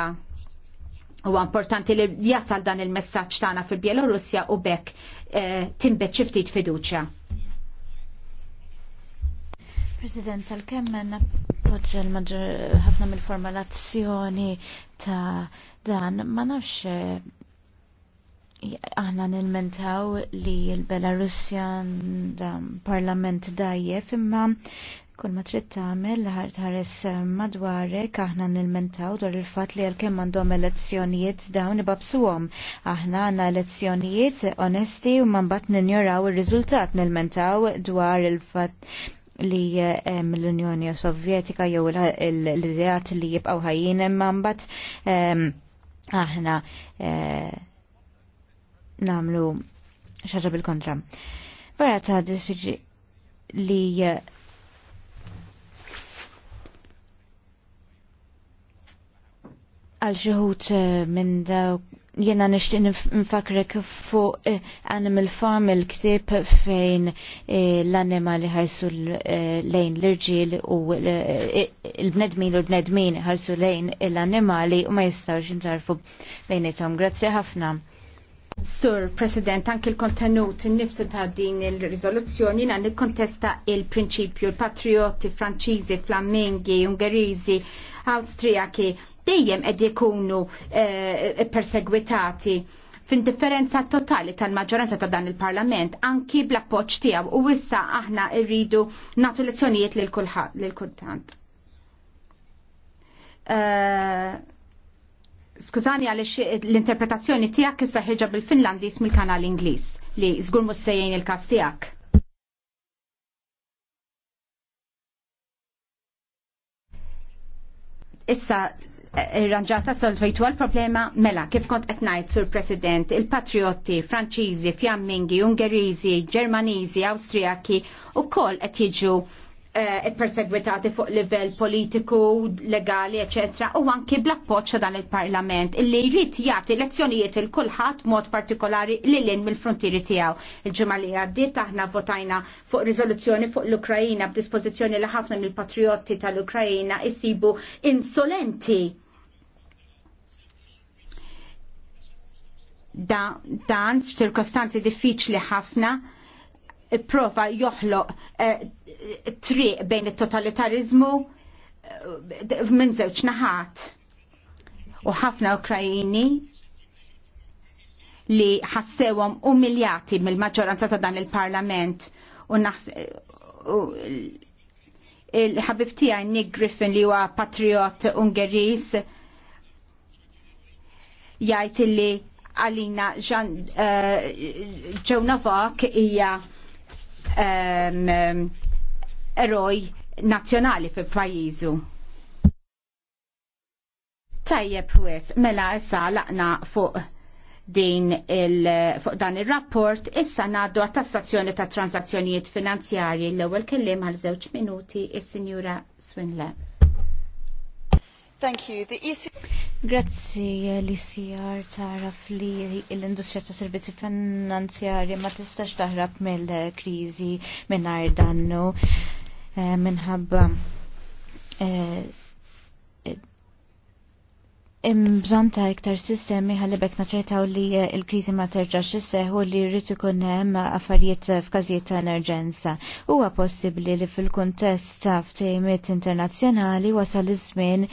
Huwa importanti li jasal dan il-messaġġ tagħna fil-Bjelorussja u bekk eh, timbet xi ftit fiduċja. President, tal-kemm appoġġa l-maġġor ħafna mill-formalazzjoni ta' dan ma nafx eh, aħna nilmentaw li l belarusjan um, parlament dajjef imma kull ma trid tagħmel ħar tħares um, madwarek aħna nilmentaw dwar il-fatt li għalkemm għandhom elezzjonijiet dawn ibabsuhom. Aħna għandna elezzjonijiet onesti u ma mbagħad ninjoraw ir-riżultat nilmentaw dwar il-fatt li l-Unjoni Sovjetika jew l-ideat li jibqgħu ħajjin imma mbagħad aħna eh, namlu xaġa bil-kontra. Vera ta' disfiġi li eh, għal xeħut eh, minn daw jena nishtiq nfakrek fuq eh, Animal Farm il-ksib fejn l-annimali ħarsu lejn l-irġiel u l-bnedmin u l-bnedmin ħarsu lejn l-annimali u ma jistawx intarfu bejnietom. Grazzi ħafna. Sur President, anki l-kontenut nifsu ta' din il-rizoluzzjoni na' nikkontesta il-prinċipju l-patrioti franċiżi, flammingi, ungerizi, austriaki dejjem ed ikunu eh, persegwitati f'indifferenza totali tal-maġġoranza ta' dan il-Parlament anki bl-appoġġ tiegħu u issa aħna rridu nagħtu lezzjonijiet lil kulħadd lil kultant. Uh, Skużani għaliex l-interpretazzjoni tiegħek issa ħirġa bil-Finlandis mill-kanal Ingliż li żgur mhux il-każ tiegħek. Issa eh, irranġata solvejtu għal-problema mela kif kont etnajt sur president il-patrioti franċizi, fjammingi, ungerizi, ġermanizi, austriaki u kol qed jiġu Eh, perseguitati fuq livell politiku, legali, eccetera, u anki bl-appoċċa dan il-Parlament illi jrid jagħti lezzjonijiet il kulħadd mod partikolari lil lin mill-frontieri tiegħu. Il-ġimgħa li għaddiet aħna votajna fuq riżoluzzjoni fuq l-Ukrajina b'dispożizzjoni li ħafna mill patriotti tal-Ukrajina isibu insolenti dan f'ċirkostanzi diffiċli ħafna prova joħloq eh, triq bejn it-totalitarizmu eh, minn żewġ naħat. U ħafna Ukrajini li ħassewhom umiljati mill-maġġoranza ta' dan il-Parlament u il-ħabib tiegħi Nick Griffin li huwa patriot Ungeris jgħid li għalina ġewna eh, vok hija um, eroj nazzjonali fil pajjiżu Tajjeb wis, mela issa laqna fuq din il, fuq dan il-rapport, issa naddu għat-tassazzjoni ta' transazzjonijiet finanzjarji l-ewwel kellim għal żewġ minuti is-Sinjura Swinle. Thank you. The EC Grazzi li sijar taraf li l-industrija ta' servizzi finanzjari ma tistax taħrab mill-krizi minn dannu eh, minħabba eh, Imbżon ta' iktar sistemi ħallibek naċertaw li eh, il-krizi ma terġax isseħu li rritu ikun hemm affarijiet f'każijiet ta' emerġenza. Huwa possibbli li fil-kuntest ta' ftejmiet internazzjonali wasal iż-żmien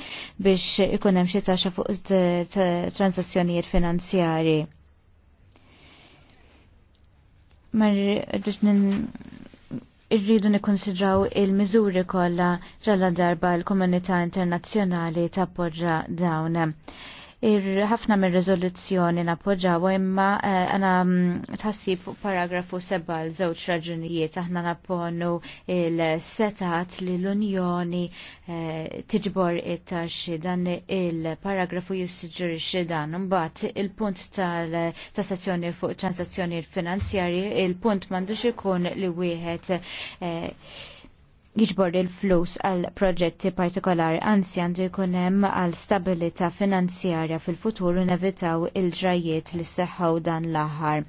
biex ikun hemm xi taxxa fuq transazzjonijiet finanzjari. Mar irridu nikkonsidraw il-miżuri kollha ġalla darba l-komunità internazzjonali tappoġġa dawn ħafna mir rezoluzzjoni nappoġġaw imma eh, għana mm, tħassib fuq paragrafu seba l żewġ raġunijiet aħna napponu il-setat li l-Unjoni eh, tiġbor it-taxxi dan il-paragrafu jissiġġerixxi dan Mbagħad il-punt ta' sezzjoni fuq transazzjoni finanzjarji il-punt m'għandux ikun li wieħed eh, jiġbor il-flus għal proġetti partikolari anzi għandu jkun hemm għal stabilità finanzjarja fil-futur u nevitaw il-ġrajiet li seħħaw dan l-aħħar.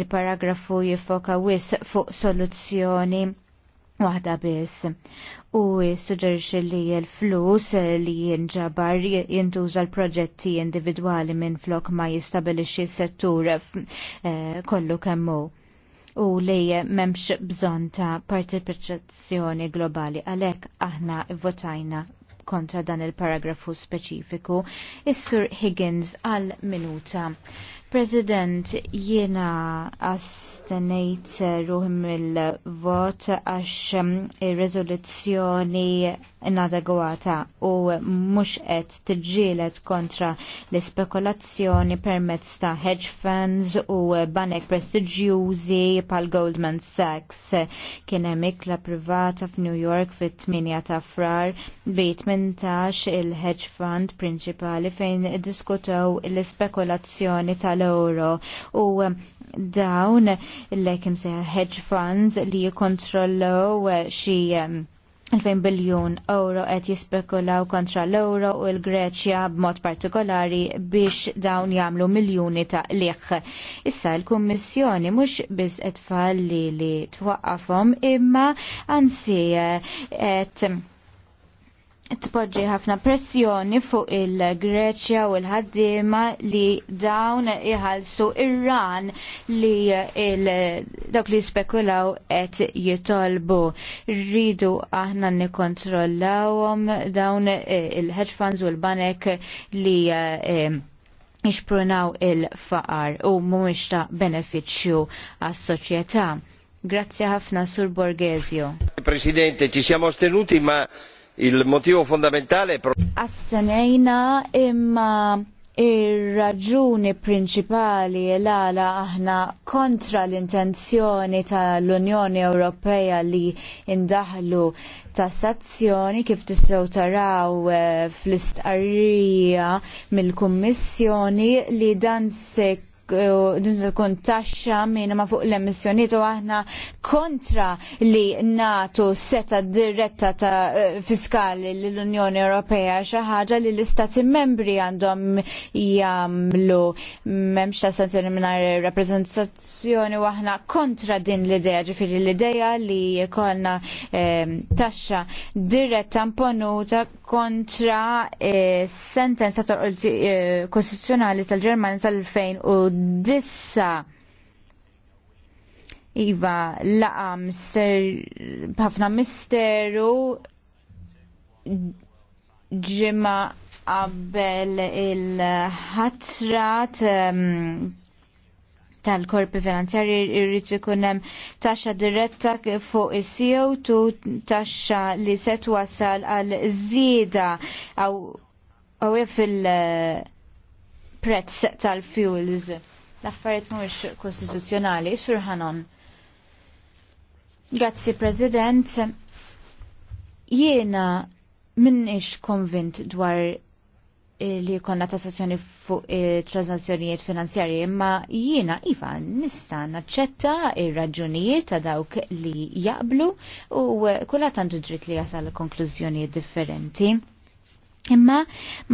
Il-paragrafu jiffoka wis fuq soluzzjoni waħda biss u suġġerixi li l-flus li jinġabar jintuża l-proġetti individwali minn flok ma jistabilixxi settur eh, kollu kemmu u li memx bżon ta' partiċipazzjoni globali għalek aħna votajna kontra dan il-paragrafu speċifiku. Is-Sur Higgins għal minuta. President, jiena astenejt ruħim il-vot għax um, il-rezoluzzjoni inadegwata u mux qed tiġġielet kontra l-spekulazzjoni permezz ta' hedge funds u banek prestiġjużi pal Goldman Sachs. Kien hemm ikla privata f'New York fit-8 ta' frar bi 18 il-hedge fund prinċipali fejn diskutew l-spekulazzjoni tal tal-euro u um, dawn l-ekim se hedge funds li jikontrollu uh, xi 2000 um, biljun euro qed jispekulaw kontra l-euro u l-Greċja b'mod partikolari biex dawn jagħmlu miljuni ta' liħ. Issa l-Kummissjoni mhux biss qed tfalli li twaqqafhom imma ansi uh, qed tpoġġi ħafna pressjoni fuq il-Greċja u l-ħaddiema li dawn iħalsu Iran li dawk li spekulaw qed jitolbu. Rridu aħna nikkontrollawhom dawn eh, il-hedge funds u l-banek li eh, jixprunaw il-faqar u mhumiex ta' benefiċċju għas-soċjetà. Grazie ħafna Sur Borgesio. Presidente, ci siamo astenuti ma il motivo fondamentale... Astenejna imma Ir-raġuni prinċipali l-għala aħna kontra l-intenzjoni tal-Unjoni Ewropea li indaħlu tassazzjoni kif tistgħu taraw eh, fl-istqarrija mill-Kummissjoni li dan se tkun taxxa minima fuq l-emissjoniet u aħna kontra li natu seta diretta ta' fiskali l-Unjoni Ewropea xi ħaġa li l-istati membri għandhom jagħmlu m'hemmx ta' sanzjoni mingħajr rappreżentazzjoni u aħna kontra din l-idea ġifieri l-idea li jkollna eh, taxxa diretta imponuta kontra eh, sentenza tal eh, Kostituzzjonali tal-Ġermanja tal fejn u dissa Iva, laqa mister, ħafna misteru ġimma qabel il-ħatrat um, tal-korpi finanzjari irrid ikun hemm taxxa diretta fuq is-CO2 taxxa li se twassal għal żieda aw fil- prezz tal-fuels. L-affarijiet mhux kostituzzjonali, Sur Hanon. Grazzi President. Jiena minnix konvint dwar li konna tassazzjoni fuq transazzjonijiet finanzjarji, imma jiena iva nista naċċetta ir-raġunijiet ta' dawk li jaqblu u kulla għandu dritt li jasal konklużjonijiet differenti. Imma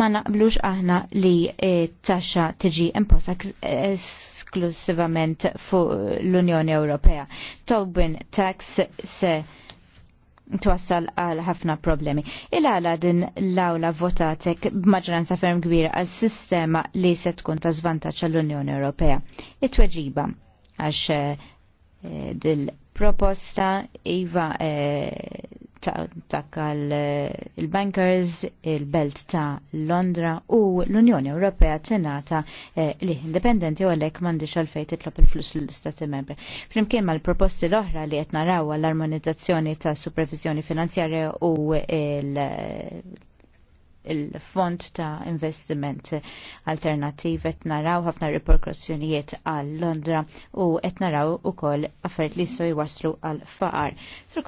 ma naqblux aħna li t eh, taxxa tiġi imposta esklusivament fuq l-Unjoni Ewropea. Tobin tax se twassal għal ħafna problemi. Il-għala din l-awla votatek b'maġranza ferm kbira għal sistema li se tkun ta' zvantaċ l unjoni Ewropea. It-tweġiba għax eh, eh, dil proposta iva eh, ta' eh, il-bankers, il-belt ta' Londra u l-Unjoni Ewropea tenata eh, li indipendenti u għalek mandi xalfej titlop il-flus l istati membri. Flimkien ma' l-proposti l-oħra li jtnaraw għall-armonizzazzjoni ta' supervizjoni finanzjarja u l il-fond ta' investiment alternativ qed naraw ħafna riperkussjonijiet għal Londra u qed naraw ukoll affert li jistgħu jwaslu għal faqar. Sur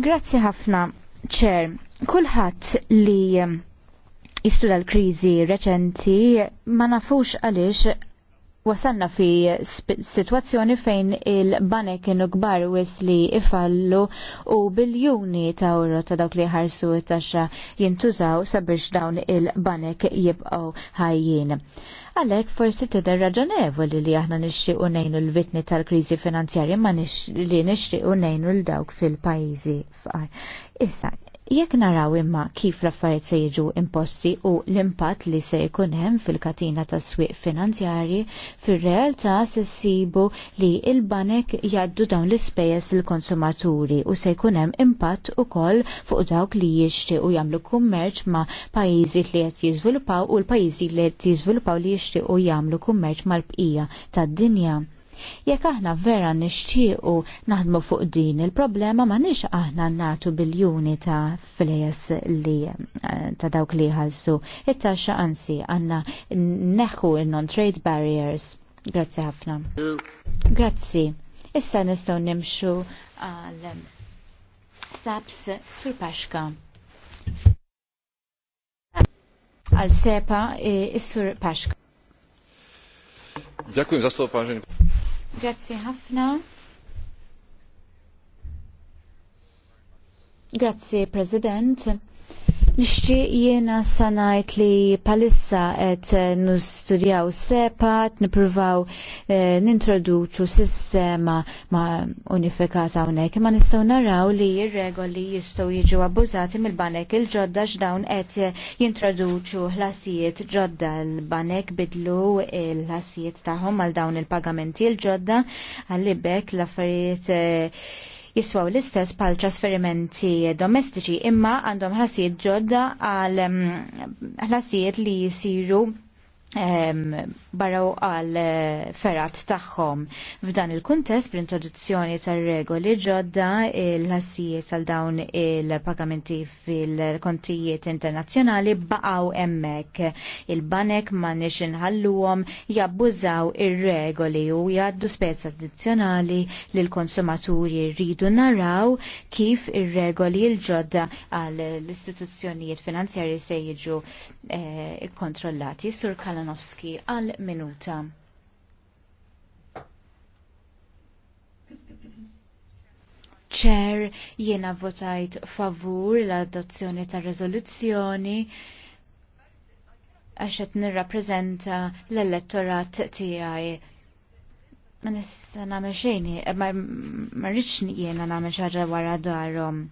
Grazzi ħafna, ċer. Kulħadd li jistuda l-krizi reċenti ma nafux għaliex Wasanna fi situazzjoni fejn il-banek kienu kbar wis li ifallu u biljuni ta' euro ta' dawk li ħarsu it-taxxa jintużaw sabiex dawn il-banek jibqgħu ħajjin. Għalhekk forsi tidher raġonevoli li aħna nixtiequ ngħinu l-vitni tal-kriżi finanzjarja ma nix li nixtiequ ngħinu l dawk fil-pajjiżi fqar. Issa, Jekk naraw imma kif l-affarijiet se jiġu imposti u l-impatt li se jkun hemm fil-katina tas swieq finanzjarji, fir-realtà se ssibu li l-banek jgħaddu dawn l-ispejjeż lill-konsumaturi u se jkun hemm impatt ukoll fuq dawk li jixtiequ jagħmlu kummerċ ma' pajjiżi li qed jiżviluppaw u l-pajjiżi li qed jiżviluppaw li jixtiequ jagħmlu kummerċ mal-bqija tad-dinja Jekk aħna vera nixtiequ naħdmu fuq din il-problema ma nix aħna natu biljuni ta' flejes li eh, ta' dawk li ħalsu. It-taxxa ansi għanna neħu il-non-trade barriers. Grazzi ħafna. Grazzi. Issa nistgħu nimxu għal Saps Sur Paxka. Għal sepa eh, Sur Paxka. Dziękuję za to, panie. Grazzi ħafna. Grazzi, President. Nixtieq jiena sanajt li palissa qed eh, nistudjaw sepa, nippruvaw eh, nintroduċu sistema ma' unifikata hawnhekk, imma nistgħu naraw li r-regoli jistgħu jiġu abbużati mill-banek il-ġodda x'dawn qed eh, jintroduċu ħlasijiet ġodda l-banek bidlu l ħasijiet tagħhom għal dawn il-pagamenti l-ġodda għal l-affarijiet jiswaw l-istess pal trasferimenti domestiċi imma għandhom ħlasijiet ġodda għal mm, ħlasijiet li jisiru baraw għal eh, ferat tagħhom. F'dan il-kuntest bl-introduzzjoni tar-regoli ġodda il-ħassijiet għal dawn il-pagamenti fil-kontijiet internazzjonali baqgħu hemmhekk. Il-banek ma nix inħalluhom jabbużaw ir-regoli u jgħaddu spezz addizzjonali l konsumaturi rridu naraw kif ir-regoli l-ġodda għal l-istituzzjonijiet finanzjarji se jiġu eh, kontrollati sur kalan Tosanowski għal minuta. ċer jiena votajt favur l-adozzjoni ta' rezoluzzjoni għax qed nirrappreżenta l-elettorat tiegħi. Ma nista' nagħmel xejni, ma rridx jiena nagħmel xi wara darom.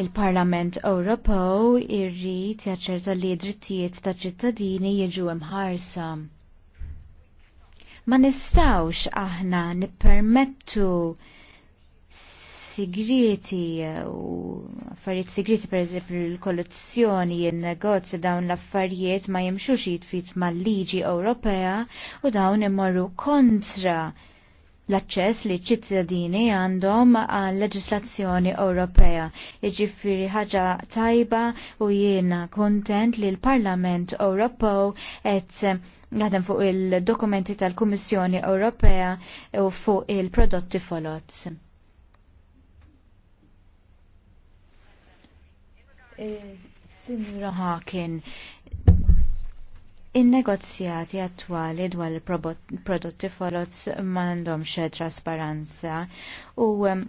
Il-Parlament Ewropew irrid jaċċerta li drittijiet ta' ċittadini jiġu imħarsa. Ma nistawx aħna nippermettu sigriti u affarijiet sigriti per eżempju l kollezzjoni il-negozju dawn l-affarijiet ma jimxux jitfit mal-liġi Ewropea u dawn imorru kontra l-aċċess li ċittadini għandhom għal leġislazzjoni Ewropea. Iġifiri ħaġa tajba u jiena kontent li l-Parlament Ewropew qed għadem fuq il-dokumenti tal-Kummissjoni Ewropea u fuq il-prodotti folot. Eh, Sinra Hawkin, In-negozjati attwali dwar il-prodotti folots m'għandhomx trasparanza u um,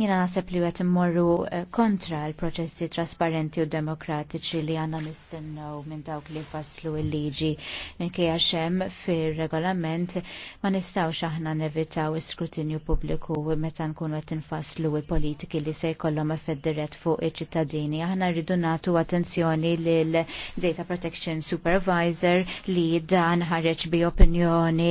Jina nasib li għet immorru eh, kontra l-proċessi trasparenti u demokratiċi li għanna nistennu minn dawk li faslu il-liġi minn kija xem fil-regolament ma nistaw aħna nevitaw iskrutinju publiku meta nkunu għet nfaslu il-politiki li se jkollhom effett dirett fuq iċ-ċittadini. Aħna rridu natu attenzjoni l Data Protection Supervisor li dan ħareġ bi opinjoni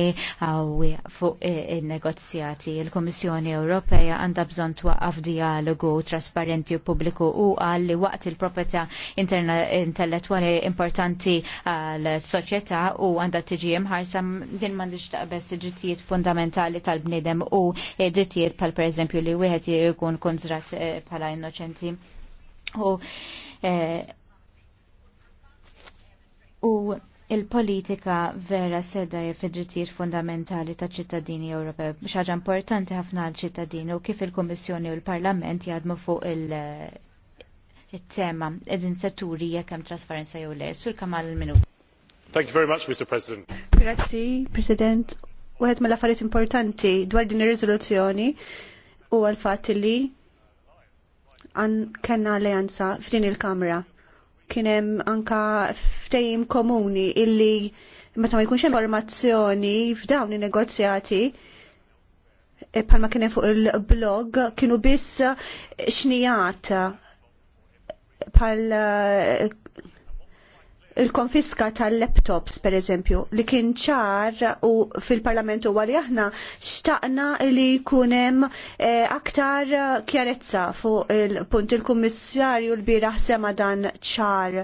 fuq eh, il-negozjati. Il-Komissjoni Ewropea għandha bżonn waqqaf dialogu trasparenti u pubbliku u għal li waqt il-proprjetà intellettuali importanti għal soċjetà u għandha tiġi imħarsa din m'għandix taqbess id-drittijiet fundamentali tal-bniedem u id-drittijiet pal pereżempju li wieħed jkun konzrat eh, bħala innoċenti. U eh, u il-politika vera seda fid-drittijiet fundamentali ta' ċittadini Ewropew biex ħaġa importanti ħafna għal ċittadini u kif il-Kummissjoni u l-Parlament jadmu fuq il- tema edin setturi jekk hemm trasparenza jew le. Sur Kamal il-minu. Thank you very much, Mr. President. Grazzi, President. Wieħed mill-affarijiet importanti dwar din ir-riżoluzzjoni u għal-fatt li għan kena alleanza f'din il-Kamra kienem anka ftejim komuni illi meta ma jkunx informazzjoni f'dawn in-negozjati e, palma kien fuq il-blog kienu biss xnijat pal il-konfiska tal-laptops, per eżempju, li kien ċar u fil-parlamentu għalli aħna xtaqna li kunem eh, aktar kjarezza fuq il-punt il kummissarju l-biraħ sema dan ċar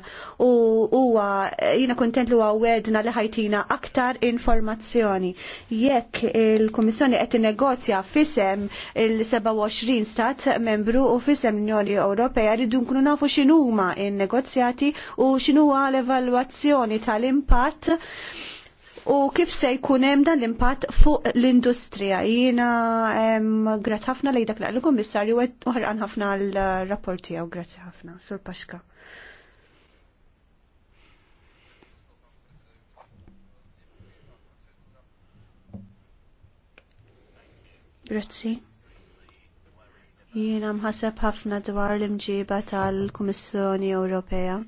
u huwa jina kontent li huwa wedna li ħajtina aktar informazzjoni. Jekk il kummissjoni qed negozja fisem il-27 stat membru u fisem l-Unjoni Ewropea rridu nkunu nafu x'inhuma in-negozjati u x'inhuwa l evalwazzjoni tal-impatt u kif se jkun hemm dan l-impatt fuq l-industrija. Jiena grat ħafna lejn dak l-Kummissarju u ħarqan ħafna l-rapport tiegħu. Grazzi ħafna, Sur Paxka. Grazzi. Jiena mħaseb ħafna dwar l-imġiba tal-Kummissjoni Ewropea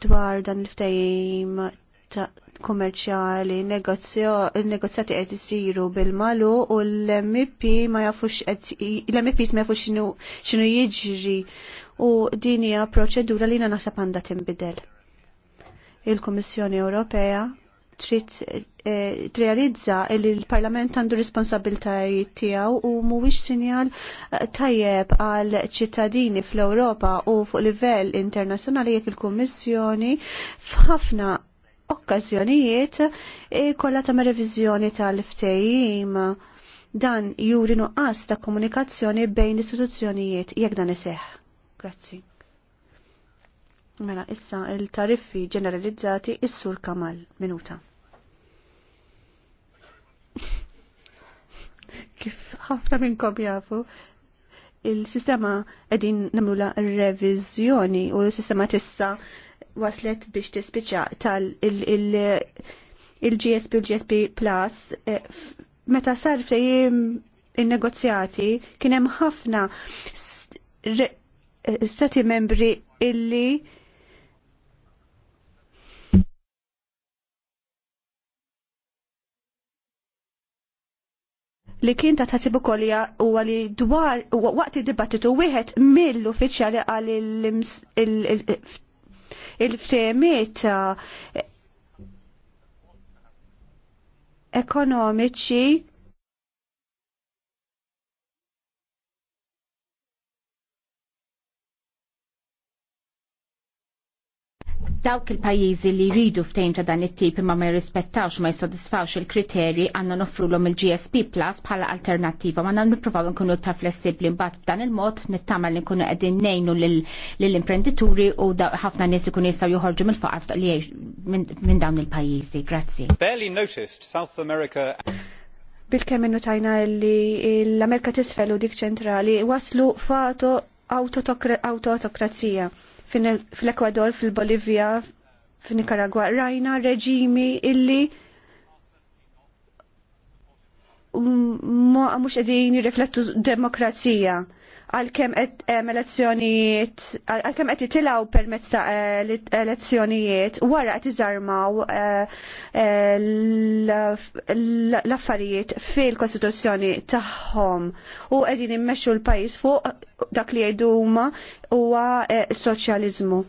dwar dan il-ftajim il negozjati qed isiru bil-malu u l-MP ma jafux l-MPs ma jafux x'inhu jiġri u din hija proċedura li naħseb għandha tinbidel. Il-Kummissjoni Ewropea trid eh, trealizza li l-Parlament għandu responsabiltajiet tiegħu u mhuwiex sinjal eh, tajjeb għal ċittadini fl-Ewropa u fuq livell internazzjonali jekk il-Kummissjoni f'ħafna okkażjonijiet eh, kollha tagħmel reviżjoni tal-ftehim dan juri nuqqas ta' komunikazzjoni bejn istituzzjonijiet jekk dan iseħħ. Grazzi. Mela, issa il-tariffi ġeneralizzati is-sur Kamal. Minuta. ħafna minnkom jafu il-sistema edin namlula revizjoni u s-sistema tissa waslet biex tispiċa tal il-GSP u GSP Plus eh, meta sar fejjim il-negozjati kienem ħafna eh, stati membri illi li kien ta' u ukoll u li dwar waqt id-dibattitu wieħed mill-uffiċjali għal il ftemiet eh, ekonomiċi dawk il-pajjiżi li jridu ftejn ta' dan it-tip imma ma jirrispettawx ma jsodisfawx il-kriterji għandna noffrulhom il-GSP Plus bħala alternattiva ma nippruvaw nkunu ta' flessibbli mbagħad b'dan il-mod nittama li nkunu qegħdin ngħinu lill-imprenditturi u ħafna nies ikun jistgħu joħorġu mill-faqar li minn dawn il-pajjiżi. Grazzi. Barely noticed South America bil-kemm tajna li l-Amerika tisfel u dik ċentrali waslu fato autotokrazija fil-Ekwador, fil-Bolivja, fil-Nicaragua. Rajna reġimi illi mux edin jirriflettu demokrazija għalkemm qed eh, elezzjonijiet għalkemm qed jitilgħu permezz ta' elezzjonijiet wara qed iżarmaw eh, eh, l-affarijiet fil-Kostituzzjoni tagħhom u qegħdin immexxu l-pajjiż fuq dak li jgħidu huma huwa soċjaliżmu.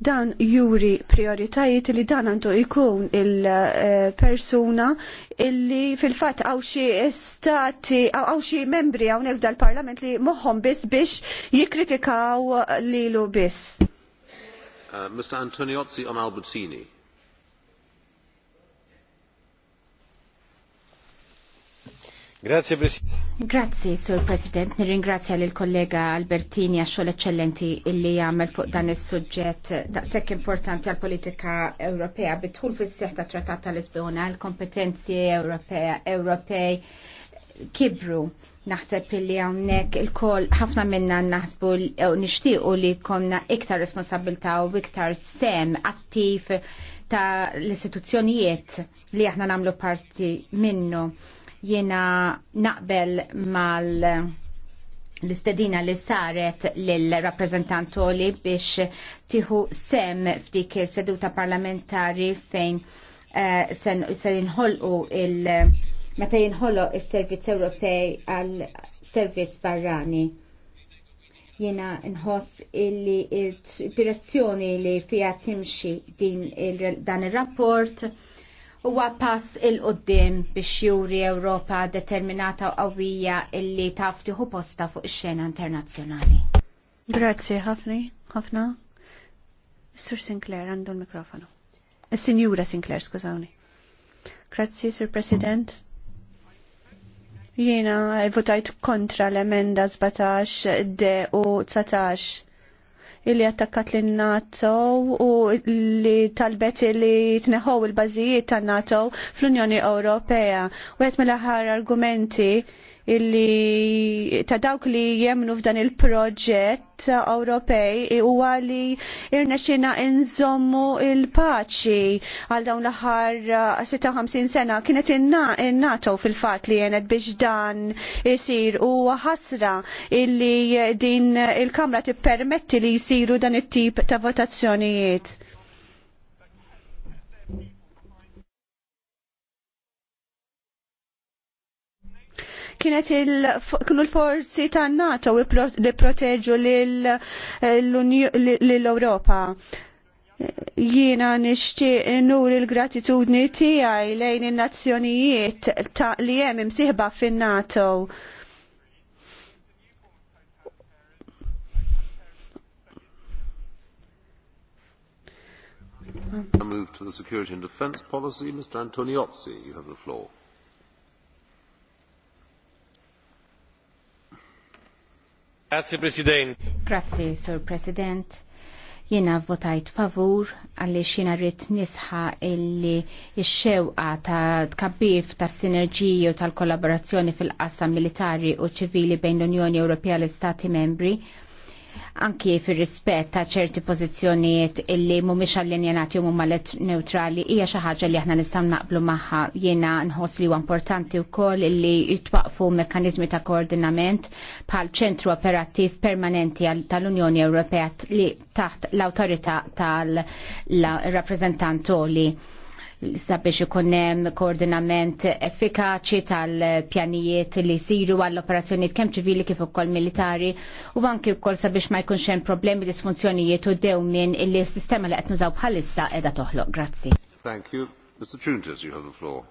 Dan juri prioritajiet li dan għandu jkun il-persuna illi fil-fat għaw xie stati, għaw xie membri għaw dal-parlament li moħħom biss biex jikritikaw lilu biss. Uh, Mr. Antoniozzi on Albertini. Grazie, Presidente. Grazie, Sur President. Nirringrazzja lil kollega Albertini xogħol eċċellenti illi jagħmel fuq dan is suġġett daqshekk importanti għal politika Ewropea bitħul fis seħħ ta' trattat tal-Lisbona l-kompetenzi Ewropea Ewropej kibru naħseb illi hawnhekk il ħafna minna naħsbu nixtiequ li konna iktar responsabilità u iktar sem attiv ta' l-istituzzjonijiet li aħna nagħmlu parti minnu Jiena naqbel mal l-istedina li saret l-rappresentantoli biex tiħu sem f'dik seduta parlamentari fejn uh, sen, sen il- meta jinħollu il-servizz Ewropej għal servizz barrani. Jiena nħoss illi il-direzzjoni li fija timxi din il dan il-rapport il rapport huwa pass il-qoddim biex juri Ewropa determinata u qawwija illi taf tieħu posta fuq ix-xena internazzjonali. Grazzi ħafna, ħafna. Sur Sinclair għandu l-mikrofonu. Is-Sinjura eh, Sinclair, skużawni. Grazzi, Sur President. Jiena votajt kontra l-emenda 17 d u 19 illi attakkat lin nato u li talbet li tneħħu il-bażijiet tan nato fl-Unjoni Ewropea. Wieħed mill-aħħar argumenti illi ta' dawk li jemnu f'dan il-proġett Ewropej huwa li irnexxina inżommu il-paċi għal dawn l-aħħar 56 sena kienet in-NATO fil-fatt li jenet biex dan isir u ħasra illi din il-Kamra tippermetti li jsiru dan it-tip ta' votazzjonijiet. kienet il kienu l-forzi ta' NATO li proteġu eh, l-Europa. Jiena nixtieq nur il gratitudni tiegħi lejn in-nazzjonijiet li hemm imsieħba fin-NATO. I move to the security and defence policy. Mr. Antoniozzi, you have the floor. Grazie, President. Grazie, Sur President. Jena votajt favur għalli xina rrit nisħa illi xewqa ta' tkabbir ta' sinerġiji u tal-kollaborazzjoni fil qasam militari u ċivili bejn l-Unjoni Ewropea l-Istati membri anki fir rispett ta' ċerti pożizzjonijiet illi mhumiex allinjanati u huma neutrali hija xi ħaġa li aħna nistgħu naqblu magħha jiena nħoss li huwa importanti wkoll illi jitwaqfu mekkaniżmi ta' koordinament bħal ċentru operattiv permanenti tal-Unjoni Ewropea li taħt l-awtorità tal-rappreżentantoli. Ta sabiex ikun hemm koordinament effikaċi tal-pjanijiet li jsiru għall-operazzjonijiet kemm ċivili kif ukoll militari u anke wkoll sabiex ma jkunx hemm problemi disfunzjonijiet u dew minn illi s-sistema li qed nużaw bħalissa qiegħda toħloq. Grazzi. Thank you. Mr. Chuntis, you have the floor.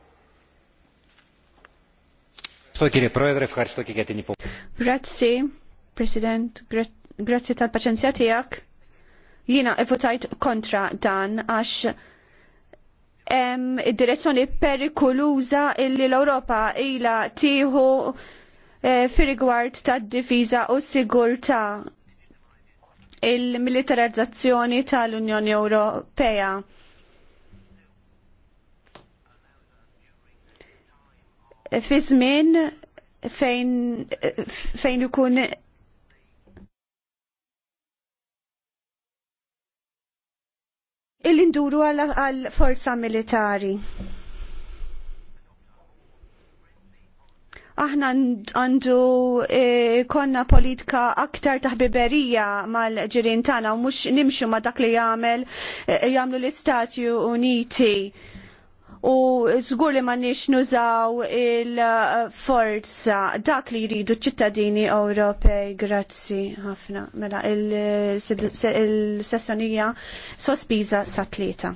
Grazzi, President, grazzi tal-paċenzja tiegħek. Jiena votajt kontra dan għax id-direzzjoni perikoluża illi l-Ewropa ilha tieħu eh, firigward rigward tad-difiża u s-sigurtà il-militarizzazzjoni tal-Unjoni Ewropea. Fi żmien fejn, eh, fejn ikun il-induru għal forza militari. aħna għandu e, konna politika aktar taħbiberija mal ġirintana tagħna u mhux nimxu ma dak li jgħamlu e, jagħmlu l-Istati Uniti u żgur li ma nix nużaw il-forza dak li jridu ċittadini Ewropej. Grazzi ħafna. Mela il-sessjonija sospiża sa tlieta.